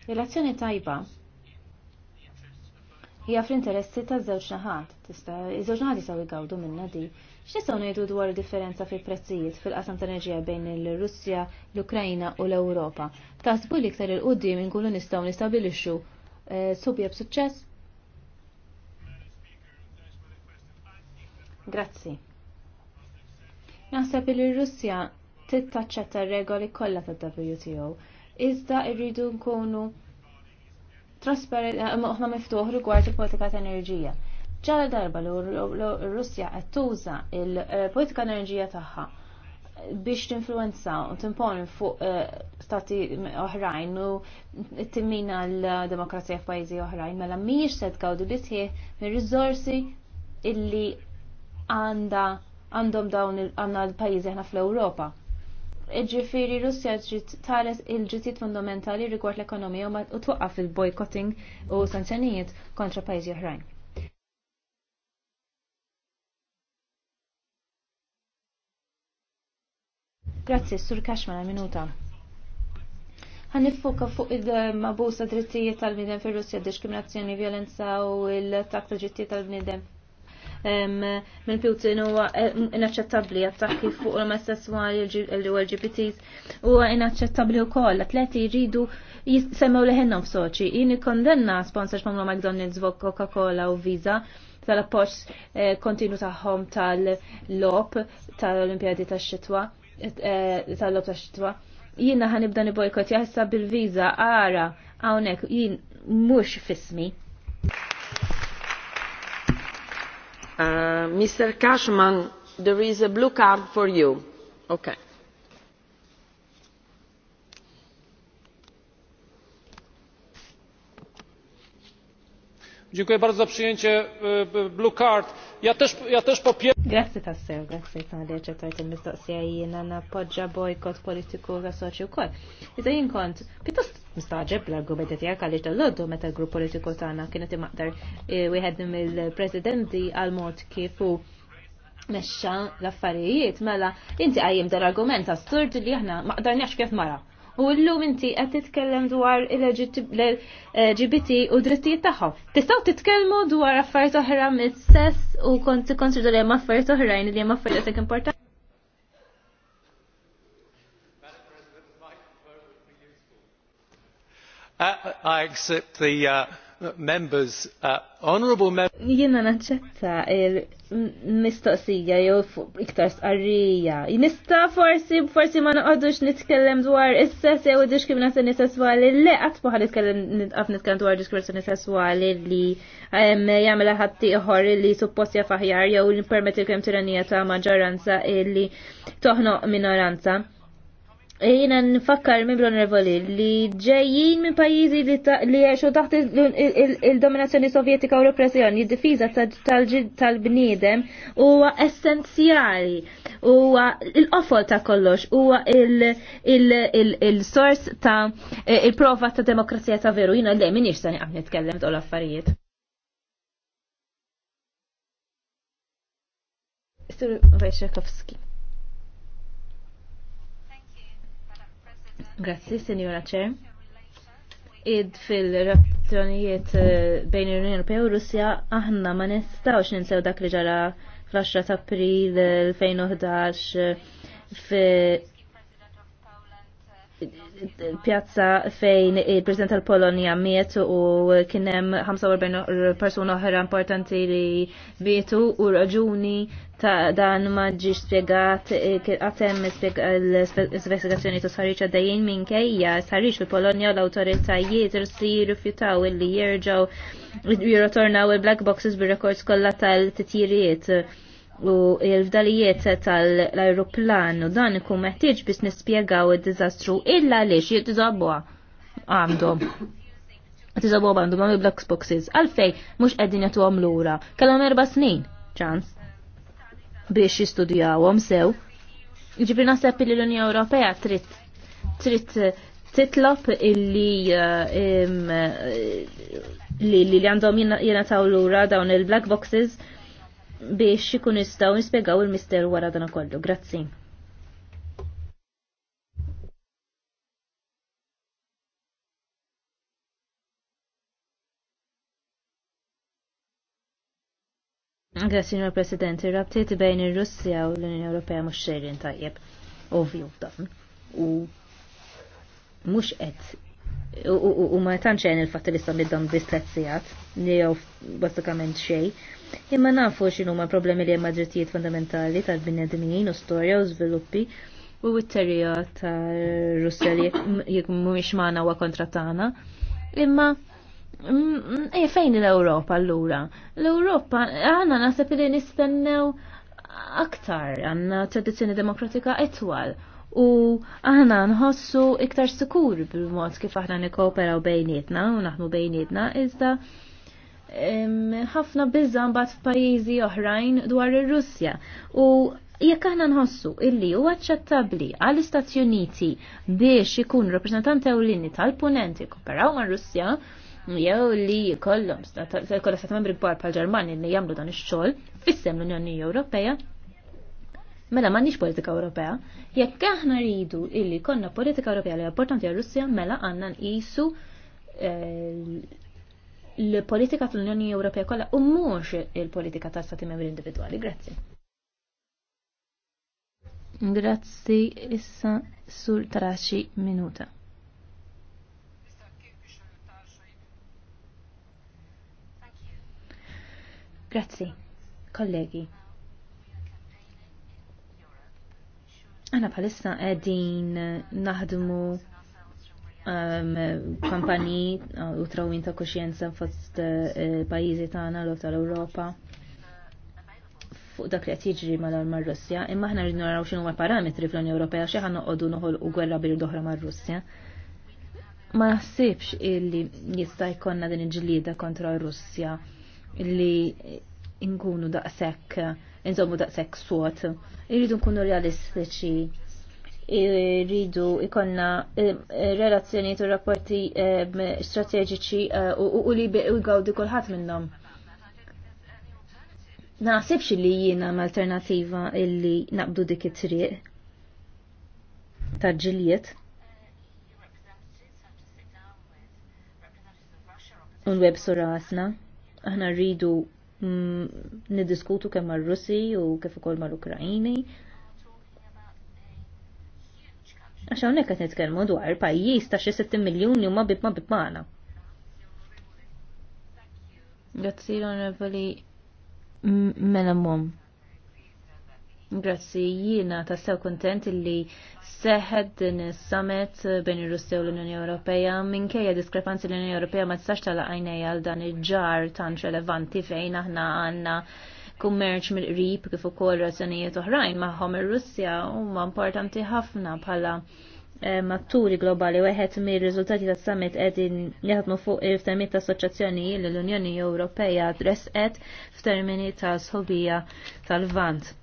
relazzjoni tajba hija fl-interessi ta' żewġ naħat. Tista' iż-żewġ naħat jistgħu igawdu minna di. X'nistgħu ngħidu dwar differenza fil-prezzijiet fil-qasam ta' enerġija bejn il-Russja, l-Ukrajna u l-Ewropa. Taħsbu li iktar il-qudiem inkunu nistgħu nistabilixxu eh, subja b'suċċess? Grazzi. Naħseb li r-Russja tittaċċetta regoli kollha tad-WTO. Iżda rridu nkunu trasparenti, eh, aħna miftuħ rigward il-politika ta' enerġija. Ġala darba li r-Russja qed tuża il-politika enerġija tagħha biex tinfluenza u timponi fuq eh, stati oħrajn u timmina l-demokrazija f'pajjiżi oħrajn mela mhijiex se tgawdu bisħieħ mir-riżorsi illi għanda għandhom dawn għanna l-pajizi ħna fl-Europa. Iġifiri Russja trid tħares il-ġitit fundamentali rigward l-ekonomija u twaqqaf il-boycotting u sanzjonijiet kontra pajjiżi oħrajn. Grazzi, Sur Kaxman, minuta. Għan nifuka fuq il-mabusa drittijiet tal-bnidem fil-Russja, diskriminazzjoni, violenza u l tak tal-ġittijiet tal-bnidem minn Putin huwa inaċċettabbli attakki fuq l-omosessuali l-LGBTs huwa inaċċettabbli wkoll atleti jridu jisemmew leħenhom f'Soċi. Jien ikkondenna sponsors ma' McDonald's, Coca-Cola u Visa tal-appoġġ eh, kontinu tagħhom tal lop tal-Olimpjadi tax-xitwa eh, tal lop tax-xitwa. Jiena ħanibda nibojkot jaħsab bil-viża ara hawnhekk jien mhux fismi Uh, Mr. Cashman, there is a blue card for you. Okay. Dziękuję bardzo za przyjęcie e, e, Blue Card. Ja też, ja też popieram. Grazie tassew, grazie tal-li ċertajt il-mistoqsija jiena nappoġġa bojkot politiku ta' soċi wkoll. Iżda jien kont pjuttost mistaġeb l-argument tiegħek għaliex tal-loddu meta l-grupp politiku tagħna kienet imaqdar e, wieħed il presidenti għal mod kifu hu mexxa l-affarijiet mela inti qajjem dal argument assurd li aħna maqdarniex kif mara u llum inti qed titkellem dwar il-LGBT u drittijiet tagħhom. Tistgħu titkellmu dwar affarijiet oħra mis-sess u kont tikkonsidru li hemm affarijiet oħrajn li hemm affarijiet importanti. Uh, I accept the uh, members, uh, honorable members. Jena naċċetta il-mistoqsija jew iktar sqarrija. Nista forsi forsi ma noqogħdux nitkellem dwar is-sess jew diskriminazzjoni sesswali li qatt ma nitkellem nitqaf nitkellem dwar diskriminazzjoni sesswali li jagħmel ħadd ieħor li suppost jaf aħjar jew li permetti kemm tiranija ta' maġġoranza li toħnoq minoranza jina nfakkar minn Nervoli li ġejjin minn pajjiżi li jgħixu taħt il-dominazzjoni sovjetika u repressjoni, id-difiża tal-bniedem huwa essenzjali, huwa il-qofol ta' kollox, huwa il-sors ta' eh, il-prova ta' demokrazija ta' veru. Jina le minn jiex għam nitkellem dol affarijiet. Sir Vajshakovski. Grazzi, signora Cher. Id fil-relazzjonijiet eh, bejn l-Unjoni Ewropea u Russja aħna ma nistgħux ninsew dak li ġara fl-10 ta' April 2011 eh, eh, fi pjazza fejn il-President tal-Polonja miet u kienem 45 persuna oħra importanti li bietu u raġuni ta' dan maġġi spiegat għatem l-investigazzjoni ta' sħarriċ għaddejjien minn kejja sħarriċ fil-Polonja l-autoritajiet rsi rifjutaw illi jirġaw jirotornaw il-black boxes bil-rekords kollha tal-titjiriet u l-fdalijiet tal-aeroplan u dan ikun meħtieġ biex nispjegaw id-diżastru illa għaliex jittiżobbuha għandhom. Tiżabu għandhom għamil black boxes. Għalfej, mux għeddin jatu għam l-ura. Kellhom erba snin, ċans. Biex jistudjawhom sew. Ġibri jiġifieri nasab li l unija Ewropea trid trid titlob illi eh, eh, li li għandhom jena taw l dawn il-black boxes biex ikun jistgħu nispjegaw il-mister wara dan kollu. Grazzi. Grazzi, signor Presidente, rabtiet bejn il-Russja u l-Unjoni Ewropea mhux xerjen tajjeb, ovvju dafn. U mhux qed u ma tanċen il-fatt li sa middhom bistrezzijat li jew bażikament xejn imma nafu x'inhu ma' problemi li hemm drittijiet fundamentali tal-bnedmin u storja u żviluppi u t tal russja li jekk mhumiex magħna wa kontratana. Imma E fejn l-Europa allura? L-Europa għana nasab li nistennew aktar għanna tradizjoni demokratika etwal u għana nħossu iktar sikur bil-mod kif aħna nikoperaw bejnietna u naħmu bejnietna iżda ħafna bizza mbagħad f'pajjiżi oħrajn dwar ir-Russja u jekk aħna nħossu illi huwa aċċettabbli għall istati Uniti biex ikun rappreżentant ewlieni tal-punenti kooperaw ma' Russja jew li jkollhom kollha stat membri kbar bħal Ġermanja li jagħmlu dan ix-xogħol fissem l-Unjoni Ewropea. Mela m'għandix politika Ewropea. Jekk aħna rridu illi konna politika Ewropea li importanti għal Russja, mela għandna nqisu eh, l-politika tal-Unjoni Ewropea kollha u mhux il-politika ta' stati membri individwali. Grazzi. Grazzi issa sul traċi minuta. Grazzi, kollegi. Għana palissa għedin naħdmu Um, kampanji uh, u trawin ta' kuxjenza fost uh, pajizi tagħna l tal-Ewropa fuq dak li qed jiġri mal mar russja imma aħna rridu naraw ma' parametri fl-Unjoni Ewropea xi ħan noqogħdu noħolqu gwerra bil doħra mar-Russja. Ma naħsibx illi jista' jkollna din il-ġlieda kontra r-Russja li nkunu daqshekk inżommu daqshekk sot. Irridu nkunu realistiċi irridu ikonna eh, eh, relazzjoni u rapporti eh, strategiċi u li għawdi kolħat minnom. Naħsibx li jiena alternativa illi naqbdu dik it-triq ta' ġiljiet. Un-web surasna, aħna rridu mm, nidiskutu kemm mar-Russi u kif ukoll mal-Ukraini. Għax hawnhekk qed nitkellmu dwar pajjiż ta' xi 60 miljun li bib ma' bibmana. Grazzi l-onorevoli Melamom. Grazzi, jiena ta' sew kontent li seħed din is-summit bejn ir-Russja u l-Unjoni Ewropea minkejja diskrepanzi l-Unjoni Ewropea ma tistax tala' għajnej għal dan il-ġar tant relevanti fejn aħna għandna kummerċ mill-qrib kif ukoll razzjonijiet oħrajn magħhom ir-Russja huma importanti ħafna bħala eh, matturi globali weħed mir riżultati tas summit qegħdin jaħdmu fuq il-ftehmiet ta' assoċjazzjoni li l-Unjoni Ewropea dresqet f'termini ta' sħobija tal-Vant.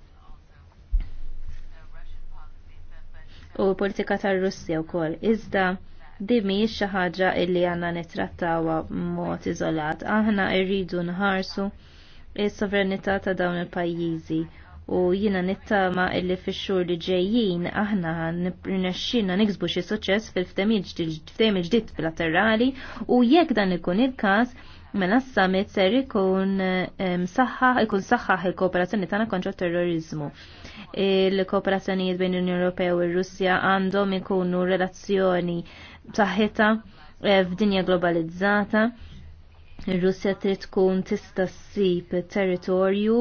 U politika tar-Russja wkoll. Iżda di mhijiex xi ħaġa illi għandna nittrattawha b'mod iżolat. Aħna rridu nħarsu is-sovranità ta' dawn il-pajjiżi u jina nittama illi fix-xhur li ġejjin aħna nirnexxina niksbu xi suċċess fil-ftehim ġdid bilaterali u jekk dan ikun il-każ mela s-summit ser ikun saħħaħ ikun saħħaħ il-kooperazzjoni tagħna kontra terrorizmu. Il-kooperazzjonijiet bejn l-Unjoni Ewropea u r-Russja għandhom ikunu relazzjoni b'saħħitha eh, f'dinja globalizzata Ir-Russja trid tkun tista' ssib territorju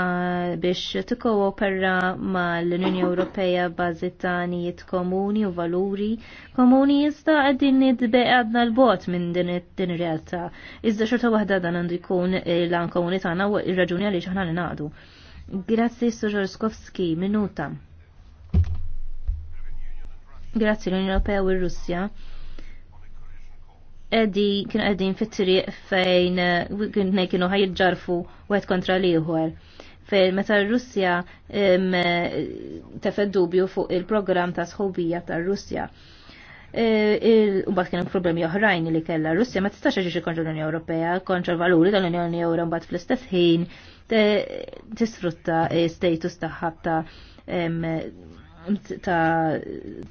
ah, biex tikkoopera mal-Unjoni Ewropea bażi tanijiet komuni u valuri komuni iżda qegħdin nidbeqadna l-bot minn din ir-realtà. Iżda xorta waħda dan għandu jkun l-an komuni tagħna u raġuni għaliex aħna li ngħadu. Grazzi Soġorskowski, minuta. Grazzi l-Unjoni Ewropea u r-Russja edi kienu qegħdin fit-triq fejn kienu ħajġarfu għed kontra l-ieħor fejn meta r-Russja tefed dubju fuq il-programm ta' sħobija tar-Russja. E, Umbat kienu problemi oħrajn li kellha Russja ma tistax ġiġi kontra l-Unjoni Ewropea, kontra l-valuri tal-Unjoni Ewropea mbagħad fl-istess ħin tisfrutta status tagħha ta'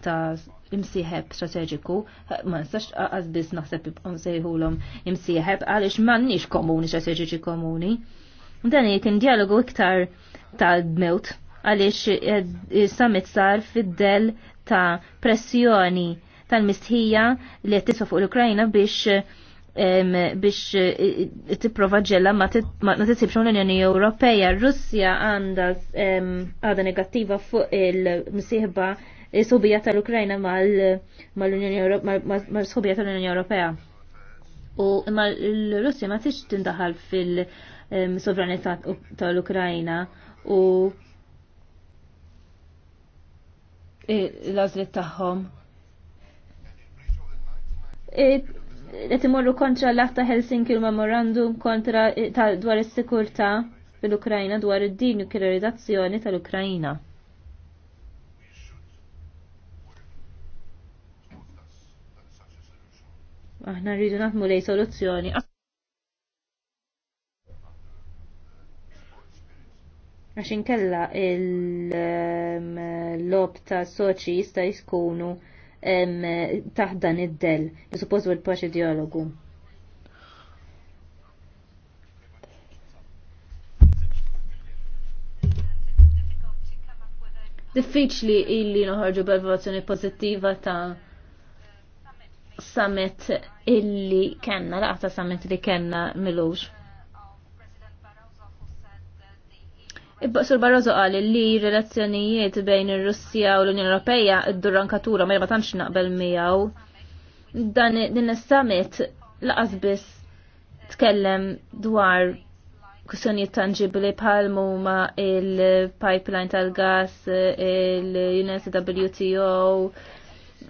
ta' imsieħeb strateġiku, ma nistax għazbis naħseb sejħulhom imsieħeb għaliex m'għandniex komuni strateġiċi komuni. Dan kien dialogu iktar tal-mewt għaliex eh, summit sar fid-del ta' pressjoni tal-mistħija li tisfa fuq l-Ukrajna biex biex eh, tipprova ġella ma titsibx l-Unjoni Ewropeja. Russja għandha għadha negattiva fuq il-msieħba subija tal-Ukrajna mal-subija unjoni tal-Unjoni Ewropea. U imma l-Russja ma tix tindaħal fil-sovranità tal-Ukrajna u l-għazlit tagħhom. Qed imorru kontra l atta Helsinki l-memorandum kontra dwar is-sikurtà fil-Ukrajna dwar id-din tal-Ukrajna. Aħna rridu naħmu lej soluzzjoni. Għaxin kella l lob ta' soċi jista' jiskunu taħdan id-del, li suppost poċi dialogu. diffiċli illi noħorġu b'evaluazzjoni pozittiva ta' summit illi kenna, laqta summit li kenna milux. Sur Barroso qal li relazzjonijiet bejn ir-Russja u l-Unjoni Ewropea id katura ma tantx naqbel miegħu. Dan din is-summit laqas biss tkellem dwar kwistjonijiet tangibli bħal huma il-pipeline tal-gas, il-UNSWTO, il pipeline tal gas il unswto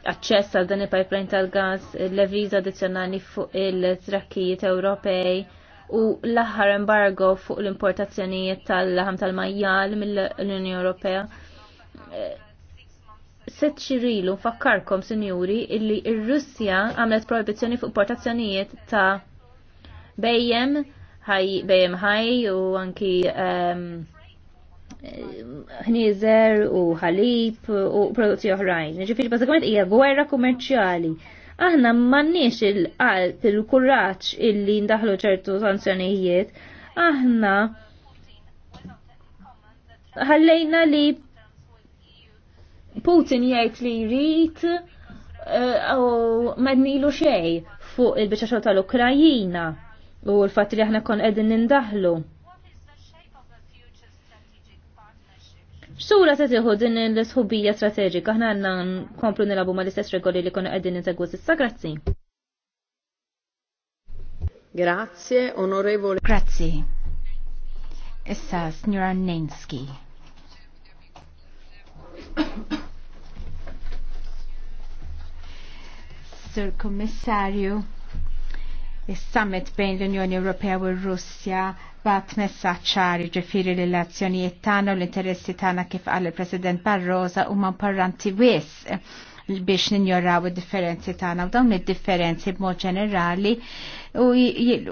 aċċess għal dan il-pipeline tal-gas, leviz addizzjonali fuq il-trakkijiet Ewropej u l-aħħar embargo fuq l-importazzjonijiet tal-laħam tal-majjal mill-Unjoni Ewropea. Eh, set xirilu fakkarkom, sinjuri, illi il russja għamlet proibizzjoni fuq importazzjonijiet ta' bejjem, ħaj, bejjem ħaj u anki um, ħnieżer u ħalib u prodotti oħrajn. Ġifieri bażikament hija gwerra kummerċjali. Aħna m'għandniex il-qalb il-kuraġġ illi ndaħlu ċertu sanzjonijiet. Aħna ħallejna li Putin jgħid li jrid eh, u madnilu xej fuq il-biċaċol tal-Ukrajina u l-fatt li aħna kon qegħdin nindaħlu. Sura se tieħu din l-sħubija strateġika aħna għandna nkomplu nilabu l istess regoli li konna qegħdin insegwu s'issa grazzi. Grazie, onorevole. Grazie. Issa, signora Nenski. Sir Commissario. Is-summit bejn l-Unjoni Ewropea u r-Russja bat messaċċar ġifiri l-azzjonijiet tagħna u l-interessi tagħna kif qal il-President Barroza huma importanti wis biex ninjoraw id-differenzi tagħna u dawn id-differenzi b'mod ġenerali u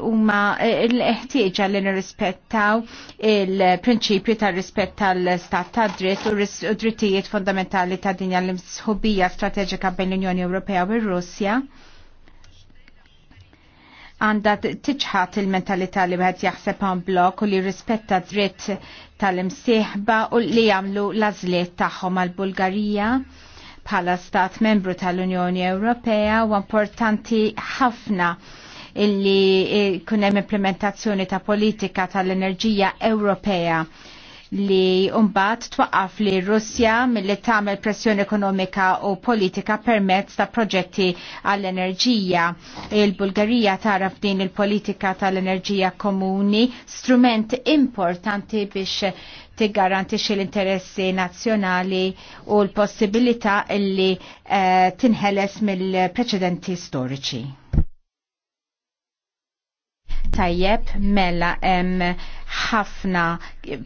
huma l-eħtieġa li nirrispettaw il-prinċipju ta' rispett tal-stat ta' dritt u drittijiet fondamentali ta' dinja l-imsħubija strateġika bejn l-Unjoni Ewropea u r-Russja għanda tiċħat il-mentalità li wieħed jaħseb għan blok u li rispetta dritt tal-imsieħba u li jagħmlu l-azliet tagħhom għal-Bulgarija bħala stat membru tal-Unjoni Ewropea u importanti ħafna illi eh, kunem implementazzjoni ta' politika tal-enerġija Ewropea li umbat twaqqaf li Russja mill-li tagħmel pressjoni ekonomika u politika permezz ta' proġetti għall-enerġija. Il-Bulgarija tara f'din il-politika tal-enerġija komuni strument importanti biex tiggarantixxi l-interessi nazzjonali u l-possibilità li eh, tinħeles mill-preċedenti storiċi. Tajjeb, mela hemm ħafna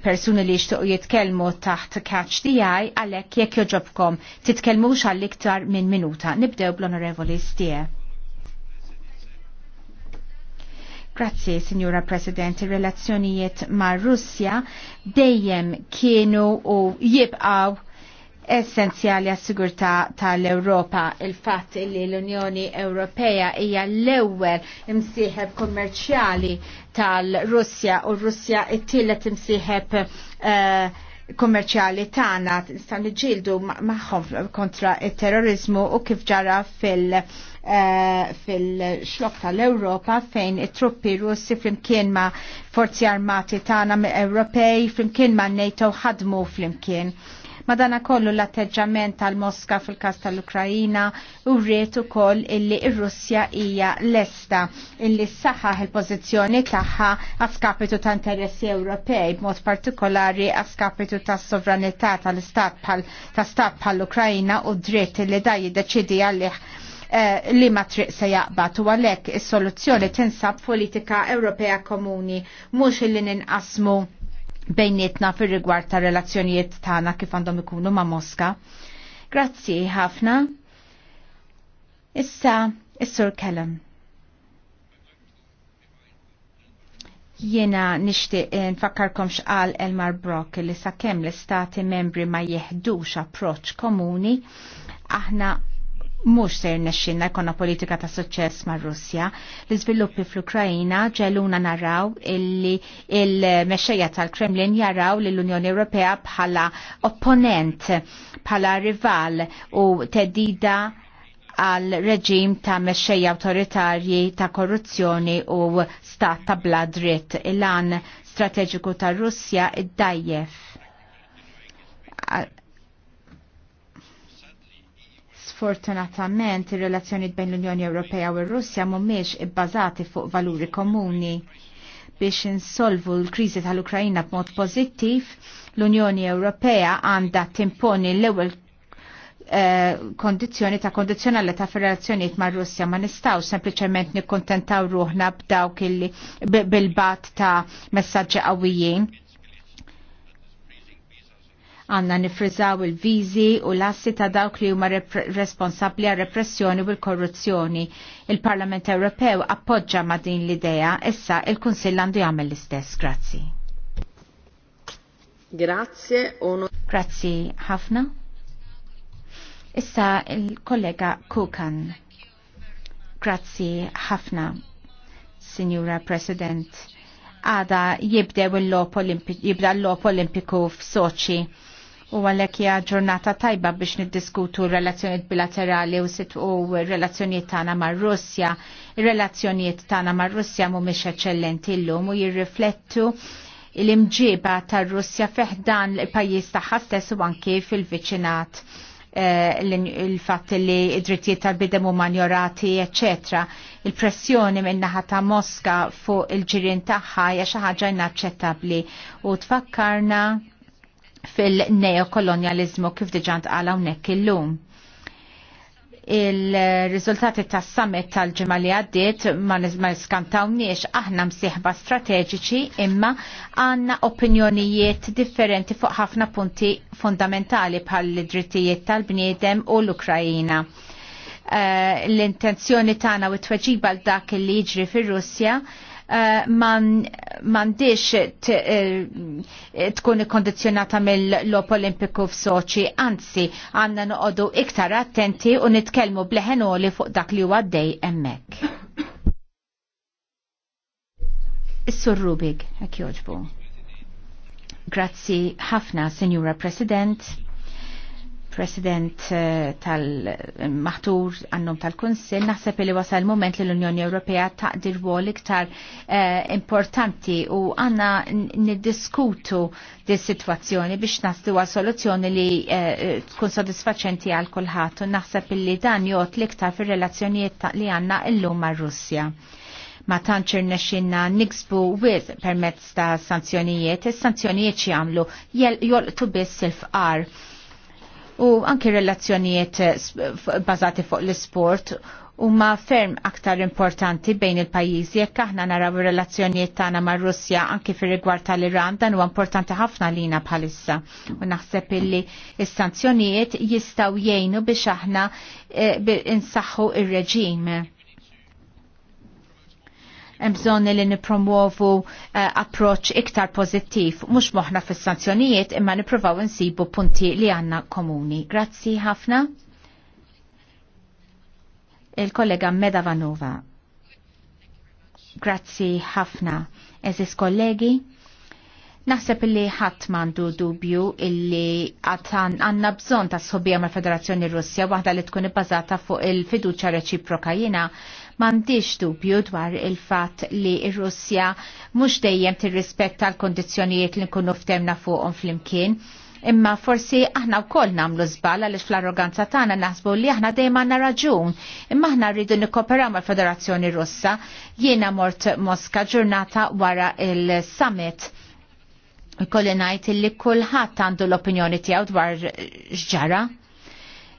persuni li jixtuq jitkellmu taħt catch DI għalhekk jekk joġobkom titkellmux għall iktar minn minuta. Nibdew bl-Onorevoli Stie. Grazzi, Signora President. Relazzjonijiet ma' Russja dejjem kienu u jibqaw essenzjali għas sigurtà tal-Ewropa. Il-fatt li l-Unjoni Ewropea hija l-ewwel imsieħeb kommerċjali tal-Russja u r-Russja it-tielet imsieħeb kommerċjali eh, kummerċjali tagħna nistgħu niġġieldu magħhom kontra it-terrorizmu u kif ġara fil- eh, fil-xlok tal-Europa fejn it-truppi russi flimkien ma' forzi armati tagħna Ewropej flimkien ma' NATO ħadmu flimkien. Madana kollu l-atteġġament tal-Moska fil-kas tal-Ukrajina u rrit ukoll illi ir-Russja hija lesta illi saħħaħ il-pożizzjoni tagħha għaskapitu ta' interessi Ewropej b'mod partikolari għaskapitu ta' sovranità tal-istat ta' stat bħall-Ukrajina u dritt li da jiddeċidi għalih eh, li ma triq se jaqbad u għalhekk is-soluzzjoni tinsab politika Ewropea komuni mhux illi ninqasmu bejnietna fir rigward ta' relazzjonijiet tagħna kif għandhom ikunu ma' Moska. Grazzi ħafna. Issa, is-Sur Kellem. Jena nishtiq eh, nfakkarkom xqal Elmar Brock li sakemm l-istati membri ma jeħdux approċ komuni aħna mux ser nesċinna jkonna politika ta' suċċess ma' Russja. L-izviluppi fl-Ukrajina ġeluna naraw illi il-mexxejja tal-Kremlin jaraw li l-Unjoni Ewropea bħala opponent, bħala rival u teddida għal reġim ta' mexxej autoritarji ta' korruzzjoni u stat ta' bla dritt il-għan strateġiku ta' Russja id-dajjef Sfortunatament, ir-relazzjoni bejn l-Unjoni Ewropea u r-Russja mhumiex ibbażati fuq valuri komuni. Biex insolvu l-kriżi tal ukraina b'mod pożittiv, l-Unjoni Ewropea għandha timponi l-ewwel eh, kondizjoni ta' kondizjonali ta' federazzjoniet ma' Russja ma' nistaw sempliciment nikkontentaw ruħna b'dawk bil bilbat ta' messagġi qawwijin Għanna nifrizaw il-vizi u l-assi ta' dawk li huma responsabli għal repressjoni u l-korruzzjoni. Il-Parlament Ewropew appoġġa ma' din l-idea, issa il-Kunsill għandu jagħmel l-istess. Grazzi. Grazie. Ono... Grazzi ħafna. Issa il-kollega Kukan. Grazzi ħafna, Signora President għada jibdew jibda l-lop olimpiku f'Soċi u għalek hija ġurnata tajba biex niddiskutu relazzjoniet bilaterali u sit u relazzjoniet tagħna mar-Russja. Ir-relazzjoniet tagħna mar-Russja mhumiex eċċellenti llum u jirriflettu l-imġiba tar-Russja feħdan il-pajjiż tagħha stess u anki fil-viċinat eh, il-fatt li id-drittijiet tal-bidem u manjorati, etc. Il-pressjoni minnaħa ta' Mosca fuq il-ġirien tagħha hija xi ħaġa inaċċettabbli u tfakkarna fil-neokolonializmu kif diġant għala unnek il-lum il-rizultati tas summit tal-ġimma li għaddiet ma nix aħna msieħba strateġiċi imma għanna opinjonijiet differenti fuq ħafna punti fundamentali bħal drittijiet tal-bniedem u l-Ukrajina. Uh, L-intenzjoni tagħna u t-tweġiba l-dak li jiġri fir-Russja Eh, m'għandix eh, tkun ikkondizzjonata mill-lop olimpiku f'Soċi, anzi għandna noqogħdu iktar attenti u nitkellmu bleħenoli fuq dak li huwa dej hemmhekk. Is-Sur Rubik, jogħġbu. Grazzi ħafna, Senjura President. President eh, tal-maħtur għannum tal-Kunsil, naħseb li wasal il-moment li l-Unjoni Ewropea taqdir rwol iktar eh, importanti u għanna niddiskutu di situazzjoni biex naslu għal soluzzjoni li eh, tkun sodisfaċenti għal kulħadd u naħseb li dan jgħot l-iktar fir-relazzjonijiet li għanna illum mar-Russja ma tanċir nexinna niksbu wiz permezz ta' sanzjonijiet, is-sanzjonijiet xi għamlu, jolqtu biss il-fqar u anki relazzjonijiet eh, bazati fuq l-sport huma ferm aktar importanti bejn il-pajjiżi jekk aħna naraw ir-relazzjonijiet tagħna mar-Russja anki fir-rigward tal-Iran dan huwa importanti ħafna lina bħalissa. U naħseb illi s-sanzjonijiet jistgħu jgħinu biex aħna eh, insaħħu ir-reġim bżonni li nipromuovu uh, eh, approċ iktar pozittiv, mux moħna fis sanzjonijiet imma niprovaw nsibu punti li għanna komuni. Grazzi ħafna. Il-kollega Meda Vanova. Grazzi ħafna. Eżis kollegi. Naħseb li ħadd m'għandu dubju illi għandna bżonn ta' sħobija mal-Federazzjoni Russja waħda li tkun ibbażata fuq il-fiduċja reċiproka jiena m'għandix dubju dwar il-fatt li r-Russja mhux dejjem tirrispetta l kondizjonijiet li nkunu ftemna fuqhom flimkien. Imma forsi aħna wkoll nagħmlu żball għaliex fl-arroganza tagħna naħsbu li aħna dejjem għandna raġun. Imma aħna rridu nikkoperaw mal-Federazzjoni Russa. Jiena mort Moska ġurnata wara il-summit kolli najt li kullħat għandu l-opinjoni tiegħu dwar x'ġara.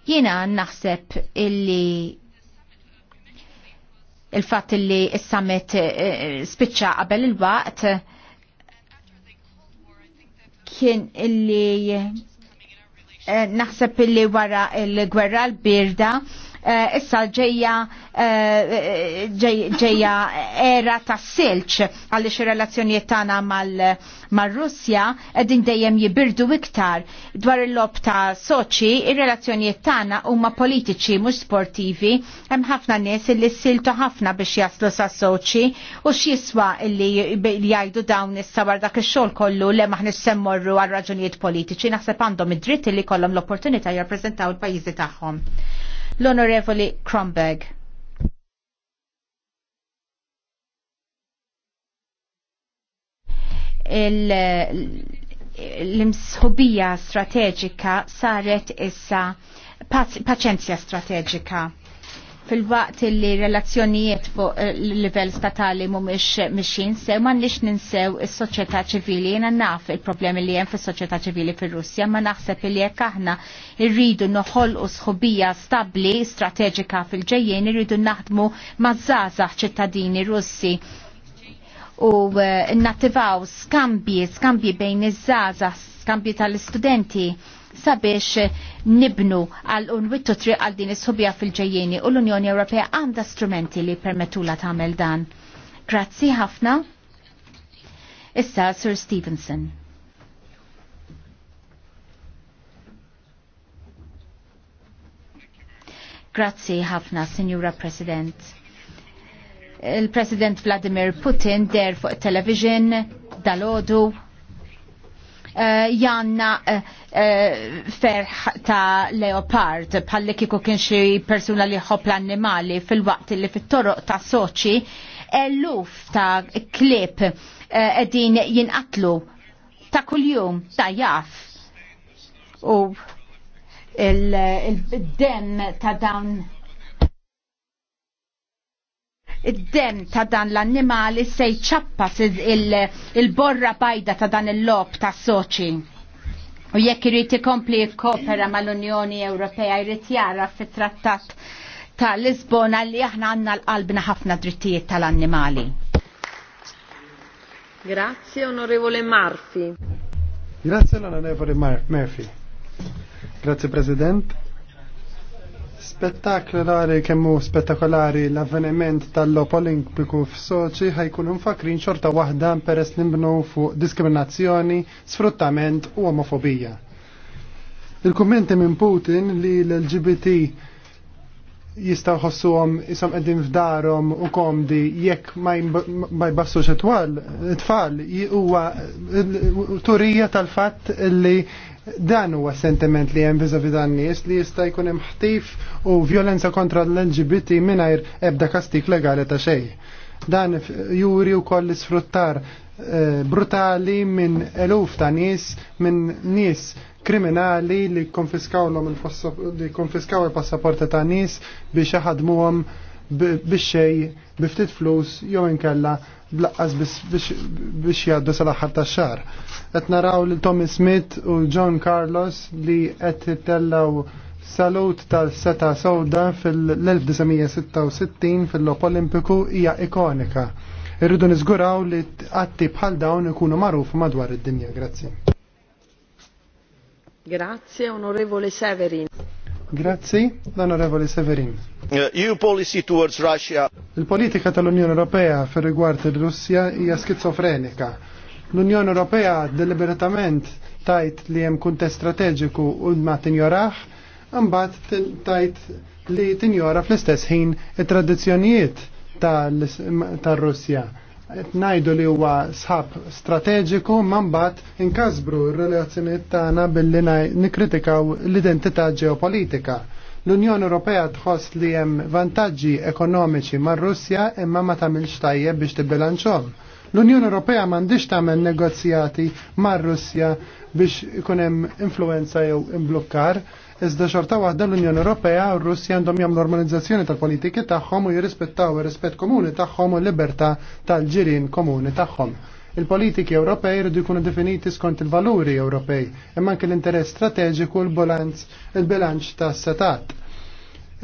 Jiena naħseb illi il-fatt li s-summit eh, eh, spiċċa qabel il-waqt kien illi eh, naħseb illi wara il-gwerra l-birda Eh, issa ġeja eh, ġeja era ta' silċ għalix il-relazzjoniet tagħna mal-Russja qegħdin dejjem jibirdu iktar dwar il-lob ta' soċi ir-relazzjonijiet tagħna huma politiċi mhux sportivi hemm ħafna nies illi siltu ħafna biex jaslu sa' soċi u x'jiswa illi jgħidu dawn issa war dak ix-xogħol kollu li maħniex semmorru għal raġunijiet politiċi naħseb għandhom id-dritt li kollhom l-opportunità jirrappreżentaw il-pajjiżi tagħhom l-Onorevoli Kronberg. l-imsħubija strateġika saret issa paċenzja strateġika fil-waqt li relazzjonijiet fuq eh, livell statali mhumiex mixin sew ma nix ninsew is-soċjetà ċivili jena naf il-problemi li hemm fis-soċjetà ċivili fir-Russja ma naħseb li jekk aħna rridu noħolqu sħubija stabbli strateġika fil-ġejjien irridu naħdmu maż-żgħażagħ ċittadini Russi u eh, nattivaw skambji, skambji bejn iż-żgħażagħ, skambji tal-istudenti sabiex nibnu għal unwittu triq għal din is-subja fil-ġejjeni u l-Unjoni Ewropea għandha strumenti li permetula tagħmel dan. Grazzi ħafna. Issa Sir Stevenson. Grazzi ħafna, Signora President. Il-President Vladimir Putin der fuq television dal-ħodu Eh, janna eh, eh, ferħ ta' leopard palli kiku kien xi persuna li ħob l-annimali fil-waqt li fit-toroq ta' soċi eluf ta' klip edin jinqatlu ta' kuljum ta' jaf u il-dem ta' dawn id-dem ta' dan l-annimali se jċappas il-borra bajda ta' dan il-lob ta' soċi. U jekk irid ikompli kopera mal-Unjoni Ewropea jrid jara fit-trattat ta' Lisbona li aħna għandna l-qalbna ħafna drittijiet tal-annimali. Grazie onorevole Marfi. Grazie onorevole Marfi. Grazie President. Spettakolari kemmu spettakolari l-avveniment tal-lop olimpiku f'Soċi ħajkun mfakrin xorta waħda peress nimbnu fuq diskriminazzjoni, sfruttament u omofobija. Il-kummenti minn Putin li l-LGBT jistaw ħossuhom isom qegħdin f'darhom u komdi jekk ma jbassux it-tfal huwa turija tal-fatt li Dan huwa sentiment li hemm biża dan nies li jista' jkun hemm ħtif u violenza kontra l-LGBT mingħajr ebda kastik legali ta' xej. Dan juri wkoll l-isfruttar eh, brutali minn eluf ta' nies minn nies kriminali li konfiskaw li konfiskaw il-passaporti ta' nies biex jaħadmuhom biex xej biftit flus jew inkella blaqqas biex jaddu sal-axar ta' xar. Et naraw li Tommy Smith u John Carlos li qed tellaw salut tal-seta sowda fil-1966 fil-lop olimpiku hija ikonika. Irridu niżguraw li għatti bħal dawn ikunu magħruf madwar id-dinja. Grazzi. Grazie, onorevole Severin. Grazzi, Lonorevole Severin. Eh, EU policy towards Russia. Il-politika tal-Unjoni Ewropea fir rigward ir-Russja hija skizofrenika. L-Unjoni Ewropea deliberatament tajt li hemm kuntest strateġiku u ma tinjoraħ, imbagħad tajt li tinjora fl-istess ħin it-tradizzjonijiet tal-Russja. Ta najdu li huwa sħab strateġiku man mbagħad inkasbru r-relazzjonijiet tagħna billi nikkritikaw l-identità ġeopolitika. L-Unjoni Ewropea tħoss li hemm vantaġġi ekonomiċi mar-Russja imma ma tagħmilx tajjeb biex tibbilanċhom. L-Unjoni Ewropea m'għandix tagħmel negozjati mar-Russja biex ikun hemm influenza jew imblukkar. In Iżda xorta waħda l-Unjoni Ewropea u russi għandhom jagħmlu normalizzazzjoni tal-politiki tagħhom u jirrispettaw ir-rispett komuni tagħhom u l-libertà tal-ġirien komuni tagħhom. Il-politiki Ewropej jridu jkunu definiti skont il-valuri Ewropej, imma anke l-interess strateġiku u l-bilanċ tas-setat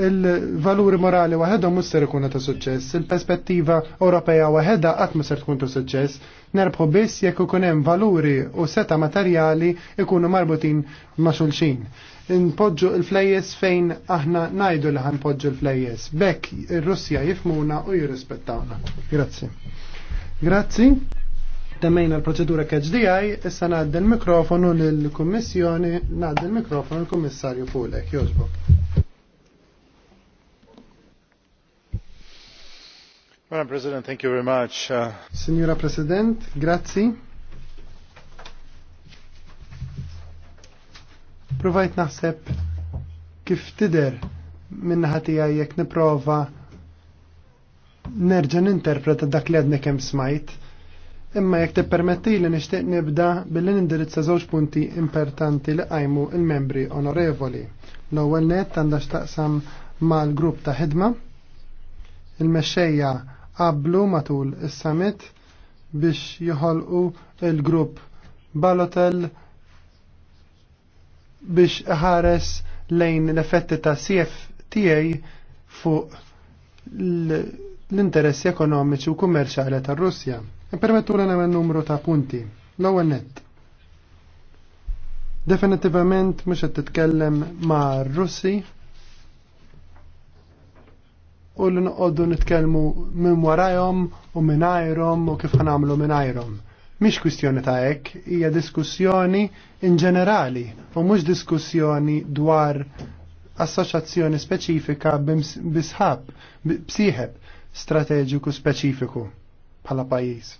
il-valuri morali waħedha mhux ser ikun ta' suċċess, il-perspettiva Ewropea waħedha qatt ma ser tkun ta' suċċess, nerbħu biss jekk ikun hemm valuri u seta' materjali ikunu marbutin ma' xulxin npoġġu l-flejjes fejn aħna najdu li ħanpoġġu l-flejjes. Bekk ir-Russja jifmuna u jirrispettawna. Grazzi. Grazzi. Temmejna l-proċedura KHDI, issa ngħaddi l-mikrofonu lill-Kummissjoni, ngħaddi l-mikrofonu l-Kummissarju Fulek, jogħġbok. Madam President, thank you very much. Uh... Signora President, grazie. Provajt naħseb kif tider minna ħatija jek niprofa nerġa ninterpreta dak li għadni kem smajt. Imma jek permetti li nishtiq nibda billi nindirizza żewġ punti importanti li għajmu il-membri onorevoli. L-ewwel net għandha xtaqsam mal-grupp ta' ħidma. Il-mexxejja qablu matul is-summit biex joħolqu il-grupp Balotel biex ħares lejn l-effetti ta' CFTA fuq l-interessi ekonomiċi u kummerċali tar russja e Permettu l numru ta' punti. L-ewwel nett. Definitivament mhux qed titkellem ma' Russi u l noqogħdu nitkellmu minn warajom u minn u kif ħanamlu minn Mhix kwistjoni ta' hekk, hija diskussjoni in ġenerali u mhux diskussjoni dwar assoċjazzjoni speċifika bisħab, bsieħeb strateġiku speċifiku bħala pajjiż.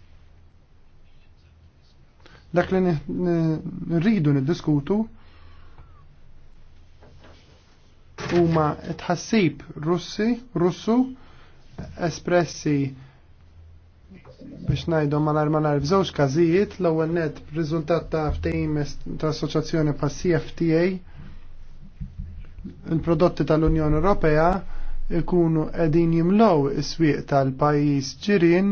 Dak li nrridu niddiskutu ma tħassib Russi, Russu espressi biex najdu malar malar f'żewġ każijiet l-ewwel net riżultat ta' ftehim ta' assoċjazzjoni pa' CFTA il-prodotti tal-Unjoni Ewropea ikunu qegħdin jimlow is-swieq tal-pajjiż ġirien,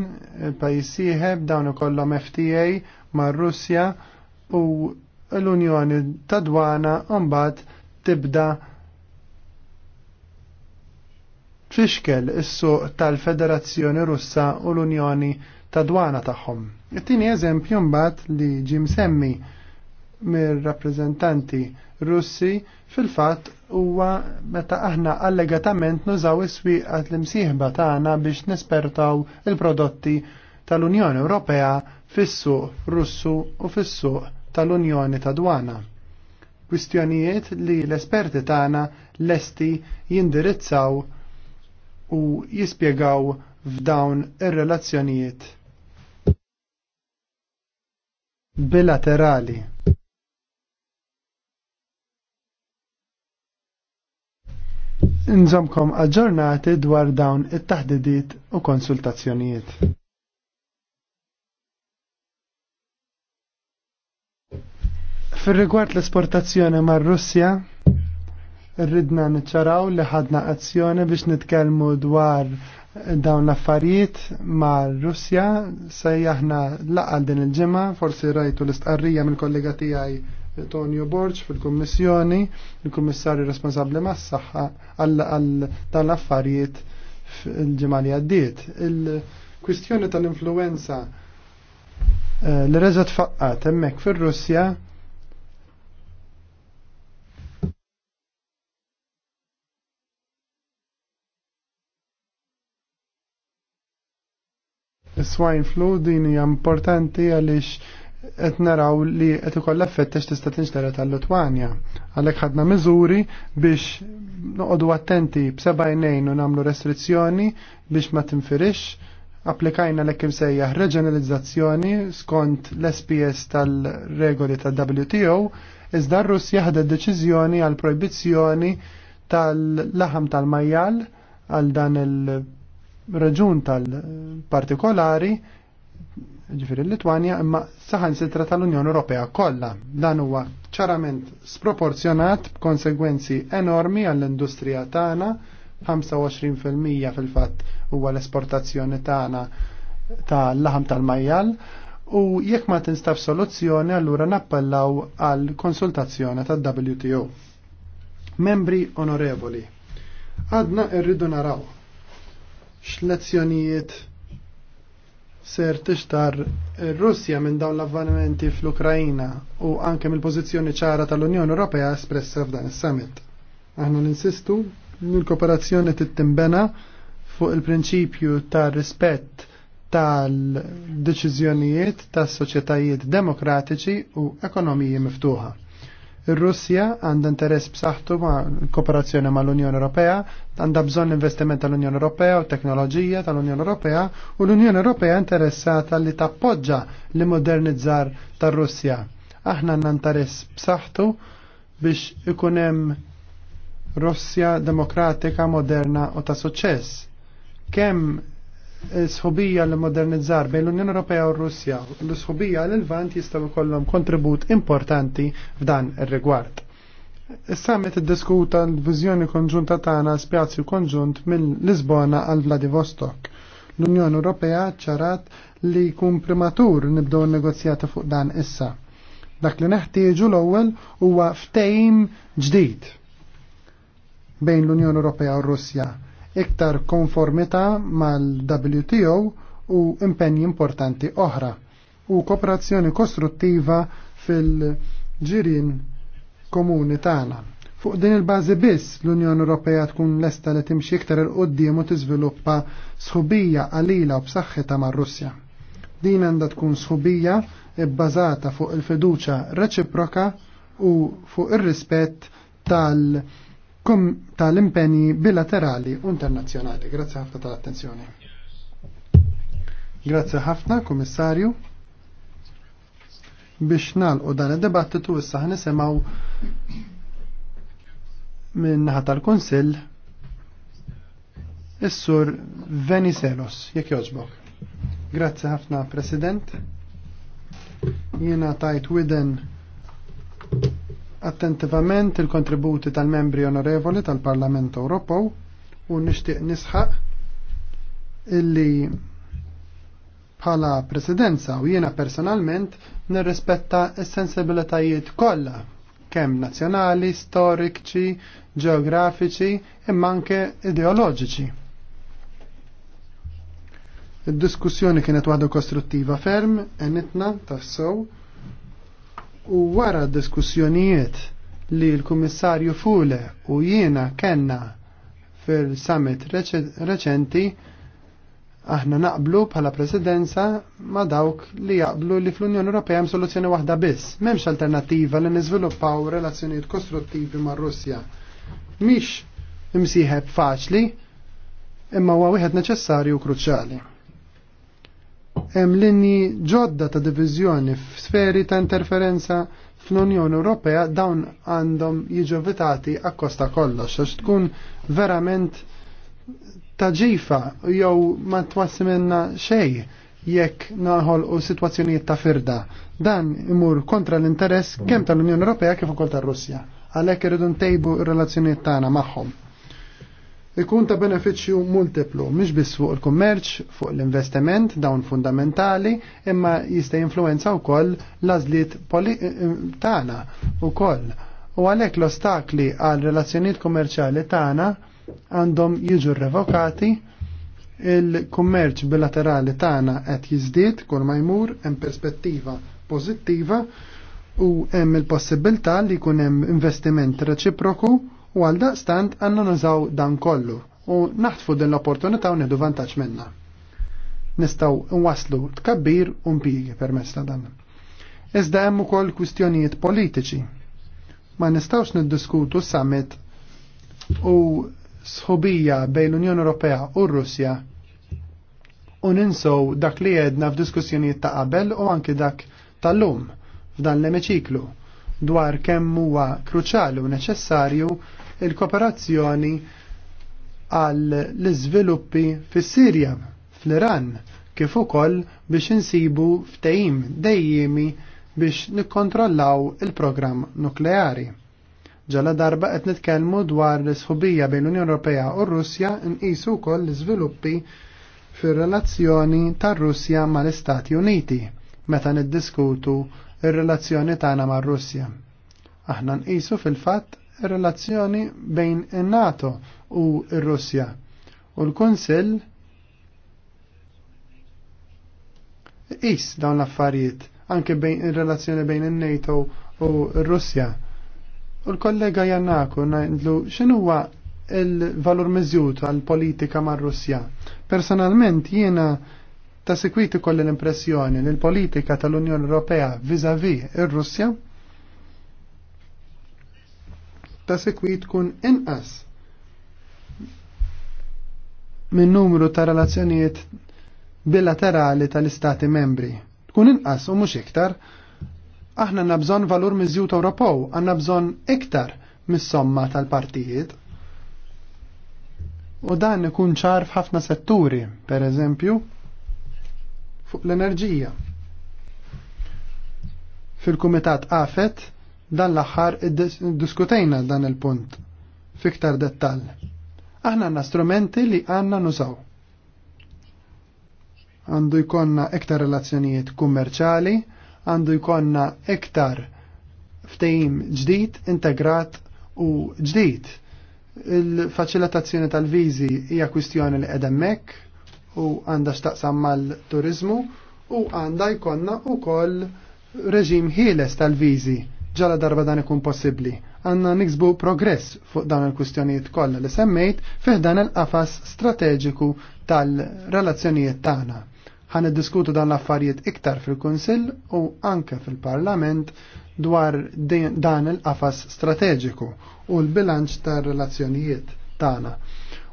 il-pajjiż sieħeb dawn ikollhom FTA mar-Russja u l-Unjoni ta' dwana mbagħad tibda trixkel is-suq tal-Federazzjoni Russa u l-Unjoni ta' dwana tagħhom. It-tieni eżempju mbagħad li ġim msemmi mir-rappreżentanti Russi fil-fatt huwa meta aħna allegatament nużaw is-swieqat l-imsieħba tagħna biex nespertaw il-prodotti tal-Unjoni Ewropea fis-suq Russu u fis-suq tal-Unjoni ta' Dwana kwistjonijiet li l-esperti tagħna lesti jindirizzaw u jispjegaw f'dawn ir-relazzjonijiet bilaterali. Nżomkom aġġornati dwar dawn it-taħdidiet u konsultazzjonijiet. fir rigward l-esportazzjoni mar russja rridna niċċaraw li ħadna azzjoni biex nitkellmu dwar dawn l-affarijiet ma' Russja sejjaħna laqal din il-ġimgħa, forsi rajtu l-istqarrija mill-kollega tiegħi Tonio Borġ fil-Kummissjoni, il-Kummissarju responsabbli mas-saħħa għal dawn l-affarijiet fil-ġimgħa li għaddiet. Il-kwistjoni tal-influenza eh, li reżat tfaqqat hemmhekk fir-Russja swine flu din hija importanti għaliex qed naraw li qed ikollha għax tista' tinxtara tal-Lutwanja. Għalhekk ħadna miżuri biex noqogħdu attenti b'seba' jnejn u nagħmlu restrizzjoni biex ma tinfirix applikajna l kim sejjaħ reġionalizzazzjoni skont l-SPS tal-regoli tal-WTO, iżda r-Russja ħadet deċiżjoni għal proibizzjoni tal-laħam tal-majjal għal dan il- raġun tal-partikolari ġifiri l litwania imma saħan sitra tal-Unjoni Ewropea kollha. Dan huwa ċarament sproporzjonat b'konsegwenzi enormi għall-industrija tagħna, 25% fil-fatt huwa l-esportazzjoni tagħna ta' laħam tal-majjal u jekk ma tinstab soluzzjoni allura nappellaw għal konsultazzjoni tad-WTO. Membri onorevoli, għadna irridu naraw x'lezzjonijiet ser tixtar Russja minn dawn l-avvenimenti fl-Ukrajina u anke mill pożizzjoni ċara tal-Unjoni Ewropea espressa f'dan is-summit. Aħna ninsistu li l-kooperazzjoni tittimbena fuq il-prinċipju tar rispett tal-deċiżjonijiet tas soċjetajiet demokratiċi u ekonomiji miftuħa. Ir-Russja għandha interess b'saħħtu ma' kooperazzjoni mal-Unjoni Ewropea, għandha bżonn investiment tal-Unjoni Ewropea u teknoloġija tal-Unjoni Ewropea u l-Unjoni Ewropea interessata li tappoġġa li modernizzar tar-Russja. Aħna għandna interess b'saħħtu biex ikun hemm Russja demokratika, moderna u ta' suċċess. Kemm sħubija li modernizzar bejn l-Unjoni Ewropea u Russja. L-sħubija l-Lvant jistgħu jkollhom kontribut importanti f'dan ir-rigward. Is-summit iddiskuta l-viżjoni konġunta tagħna spjazju konġunt mill Lisbona għal Vladivostok. L-Unjoni Ewropea ċarat li jkun primatur nibdew negozjati fuq dan issa. Dak li neħtieġu l-ewwel huwa ftehim ġdid bejn l-Unjoni Ewropea u Russja iktar konformità mal-WTO u impenji importanti oħra u kooperazzjoni kostruttiva fil-ġirien komuni tagħna. Fuq din il-bażi biss l-Unjoni Ewropea tkun lesta li timxi iktar il qudiem u tiżviluppa sħubija qalila u b'saħħitha mar-Russja. Din għandha tkun sħubija bbażata fuq il-fiduċa reċiproka u fuq ir-rispett tal- kom tal-impenji bilaterali u internazzjonali. Grazzi ħafna tal-attenzjoni. Grazzi ħafna, Komissarju. Biex nalqu dan id debattitu issa ħnisimgħu minn naħa tal-Kunsill is-sur Veniselos, jekk joġbok. Grazzi ħafna, President. Jiena tajt widen attentivament il-kontributi tal-membri onorevoli tal-Parlament Ewropew u nixtieq nisħaq illi bħala presidenza u jiena personalment nirrispetta s-sensibilitajiet kollha kemm nazzjonali, storiċi, ġeografiċi imma anke ideoloġiċi. Id-diskussjoni kienet waħda kostruttiva ferm, enitna tassow, U wara d diskussjonijiet li l-Kummissarju Fule u jiena kenna fil-summit reċenti, aħna naqblu bħala presidenza ma dawk li jaqblu li fl-Unjoni Ewropea hemm soluzzjoni waħda biss. M'hemmx alternattiva li niżviluppaw relazzjonijiet kostruttivi mar Russja. Mhix imsieħeb faċli, imma huwa wieħed neċessarju u kruċjali hemm linji ġodda ta' diviżjoni f'sferi ta' interferenza fl-Unjoni Ewropea dawn għandhom jiġu vitati akkosta kollox għax tkun verament taġifa jew ma twassi minna xej jekk naħol u situazzjonijiet ta' firda. Dan imur kontra l-interess kemm tal-Unjoni Ewropea kif ukoll tar-Russja. Għalhekk irridu ntejbu r-relazzjonijiet tagħna magħhom ikun ta' beneficju multiplu, mhix biss fuq il-kummerċ, fuq l-investiment dawn fundamentali, imma jista' jinfluenza wkoll l-għażliet tagħna wkoll. U għalhekk l-ostakli għal relazzjonijiet kummerċjali tagħna għandhom jiġu revokati il-kummerċ bilaterali tagħna qed jiżdied kull ma jmur hemm perspettiva pożittiva u hemm il-possibilità li jkun hemm investiment reċiproku u għal daqstant għanna nużaw dan kollu u naħtfu din l-opportunità u nedu vantaġġ minna. Nistaw nwaslu tkabbir u mpigi per ta' dan. Iżda hemm ukoll kwistjonijiet politiċi. Ma nistawx niddiskutu summit u sħubija bejn l-Unjoni Ewropea u r-Russja u ninsow dak li jedna f'diskussjonijiet ta' qabel u anki dak tal-lum f'dan l-emiċiklu dwar kemm huwa kruċali u neċessarju il-kooperazzjoni għal l-iżviluppi fis-Sirja, fl-Iran, kif ukoll biex insibu ftehim dejjimi biex nikkontrollaw il-programm nukleari. Ġala darba qed nitkellmu dwar l isħubija bejn l-Unjoni Ewropea u r-Russja nqisu wkoll l-iżviluppi fir-relazzjoni tar-Russja mal-Istati Uniti meta niddiskutu ir-relazzjoni tagħna mar-Russja. Aħna nqisu fil-fatt relazzjoni bejn in-NATO u il russja U l-Kunsill is dawn l-affarijiet anke bejn ir-relazzjoni bejn in-NATO u il russja U l-kollega Jannaku ngħidlu x'inhuwa il-valur miżjut għal politika mar-Russja. Personalment jiena ta' sekwiti kolli l-impressjoni li l-politika tal-Unjoni Ewropea vis a vis ir-Russja ta' sekwit tkun inqas minn numru ta' relazzjonijiet bilaterali tal-istati membri. Tkun inqas u mhux iktar. Aħna nabżon valur miżjut Ewropew, għandna bżonn iktar mis-somma tal-partijiet. U dan ikun ċar f'ħafna setturi, per eżempju, fuq l-enerġija. Fil-Kumitat AFET Dan l-aħħar diskutejna dan il-punt fiktar dettal. Aħna għanna strumenti li għanna nużaw. Għandu jkonna iktar relazzjonijiet kummerċali, għandu jkonna iktar ftejim ġdid, integrat u ġdid. Il-facilitazzjoni tal-viżi hija kwistjoni li edemmek u għandha xtaqsam mal-turizmu u għandha jkonna u koll reġim ħieles tal-viżi ġala darba dan ikun possibbli. Għanna niksbu progress fuq dan il-kustjonijiet kollha li semmejt fih dan il-qafas strateġiku tal-relazzjonijiet tagħna. Ħan iddiskutu dan l-affarijiet iktar fil-Kunsill u anke fil-Parlament dwar dan il-qafas strateġiku u l-bilanċ tar-relazzjonijiet tagħna.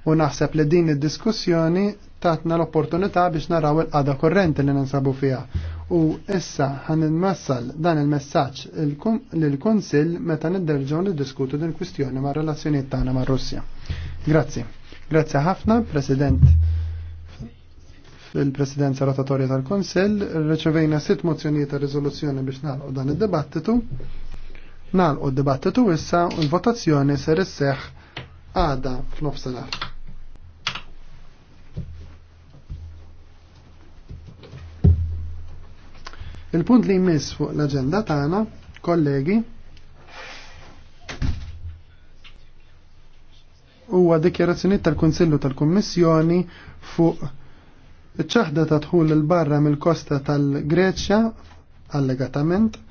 U naħseb li din id-diskussjoni tatna l-opportunità biex naraw il-qada korrenti li ninsabu fiha U issa ħan nmassal dan il-messaġġ lill-Kunsill meta nidderġgħu niddiskutu din kwistjoni ma' relazzjonijiet tagħna mar Russja. Grazzi. Grazzi ħafna, President fil-Presidenza Rotatorja tal konsil rċevejna sitt mozzjonijiet ta' riżoluzzjoni biex nagħlqu dan id-dibattitu. Nagħlqu d-dibattitu issa u l-votazzjoni ser isseħħ għada f'nofsinhar. Il-punt li jmiss fuq l-agenda tagħna, kollegi, huwa dikjarazzjonijiet tal-Kunsillu tal-Kummissjoni fuq iċ-ċaħda ta' dħul il-barra mill-kosta tal-Greċja allegatament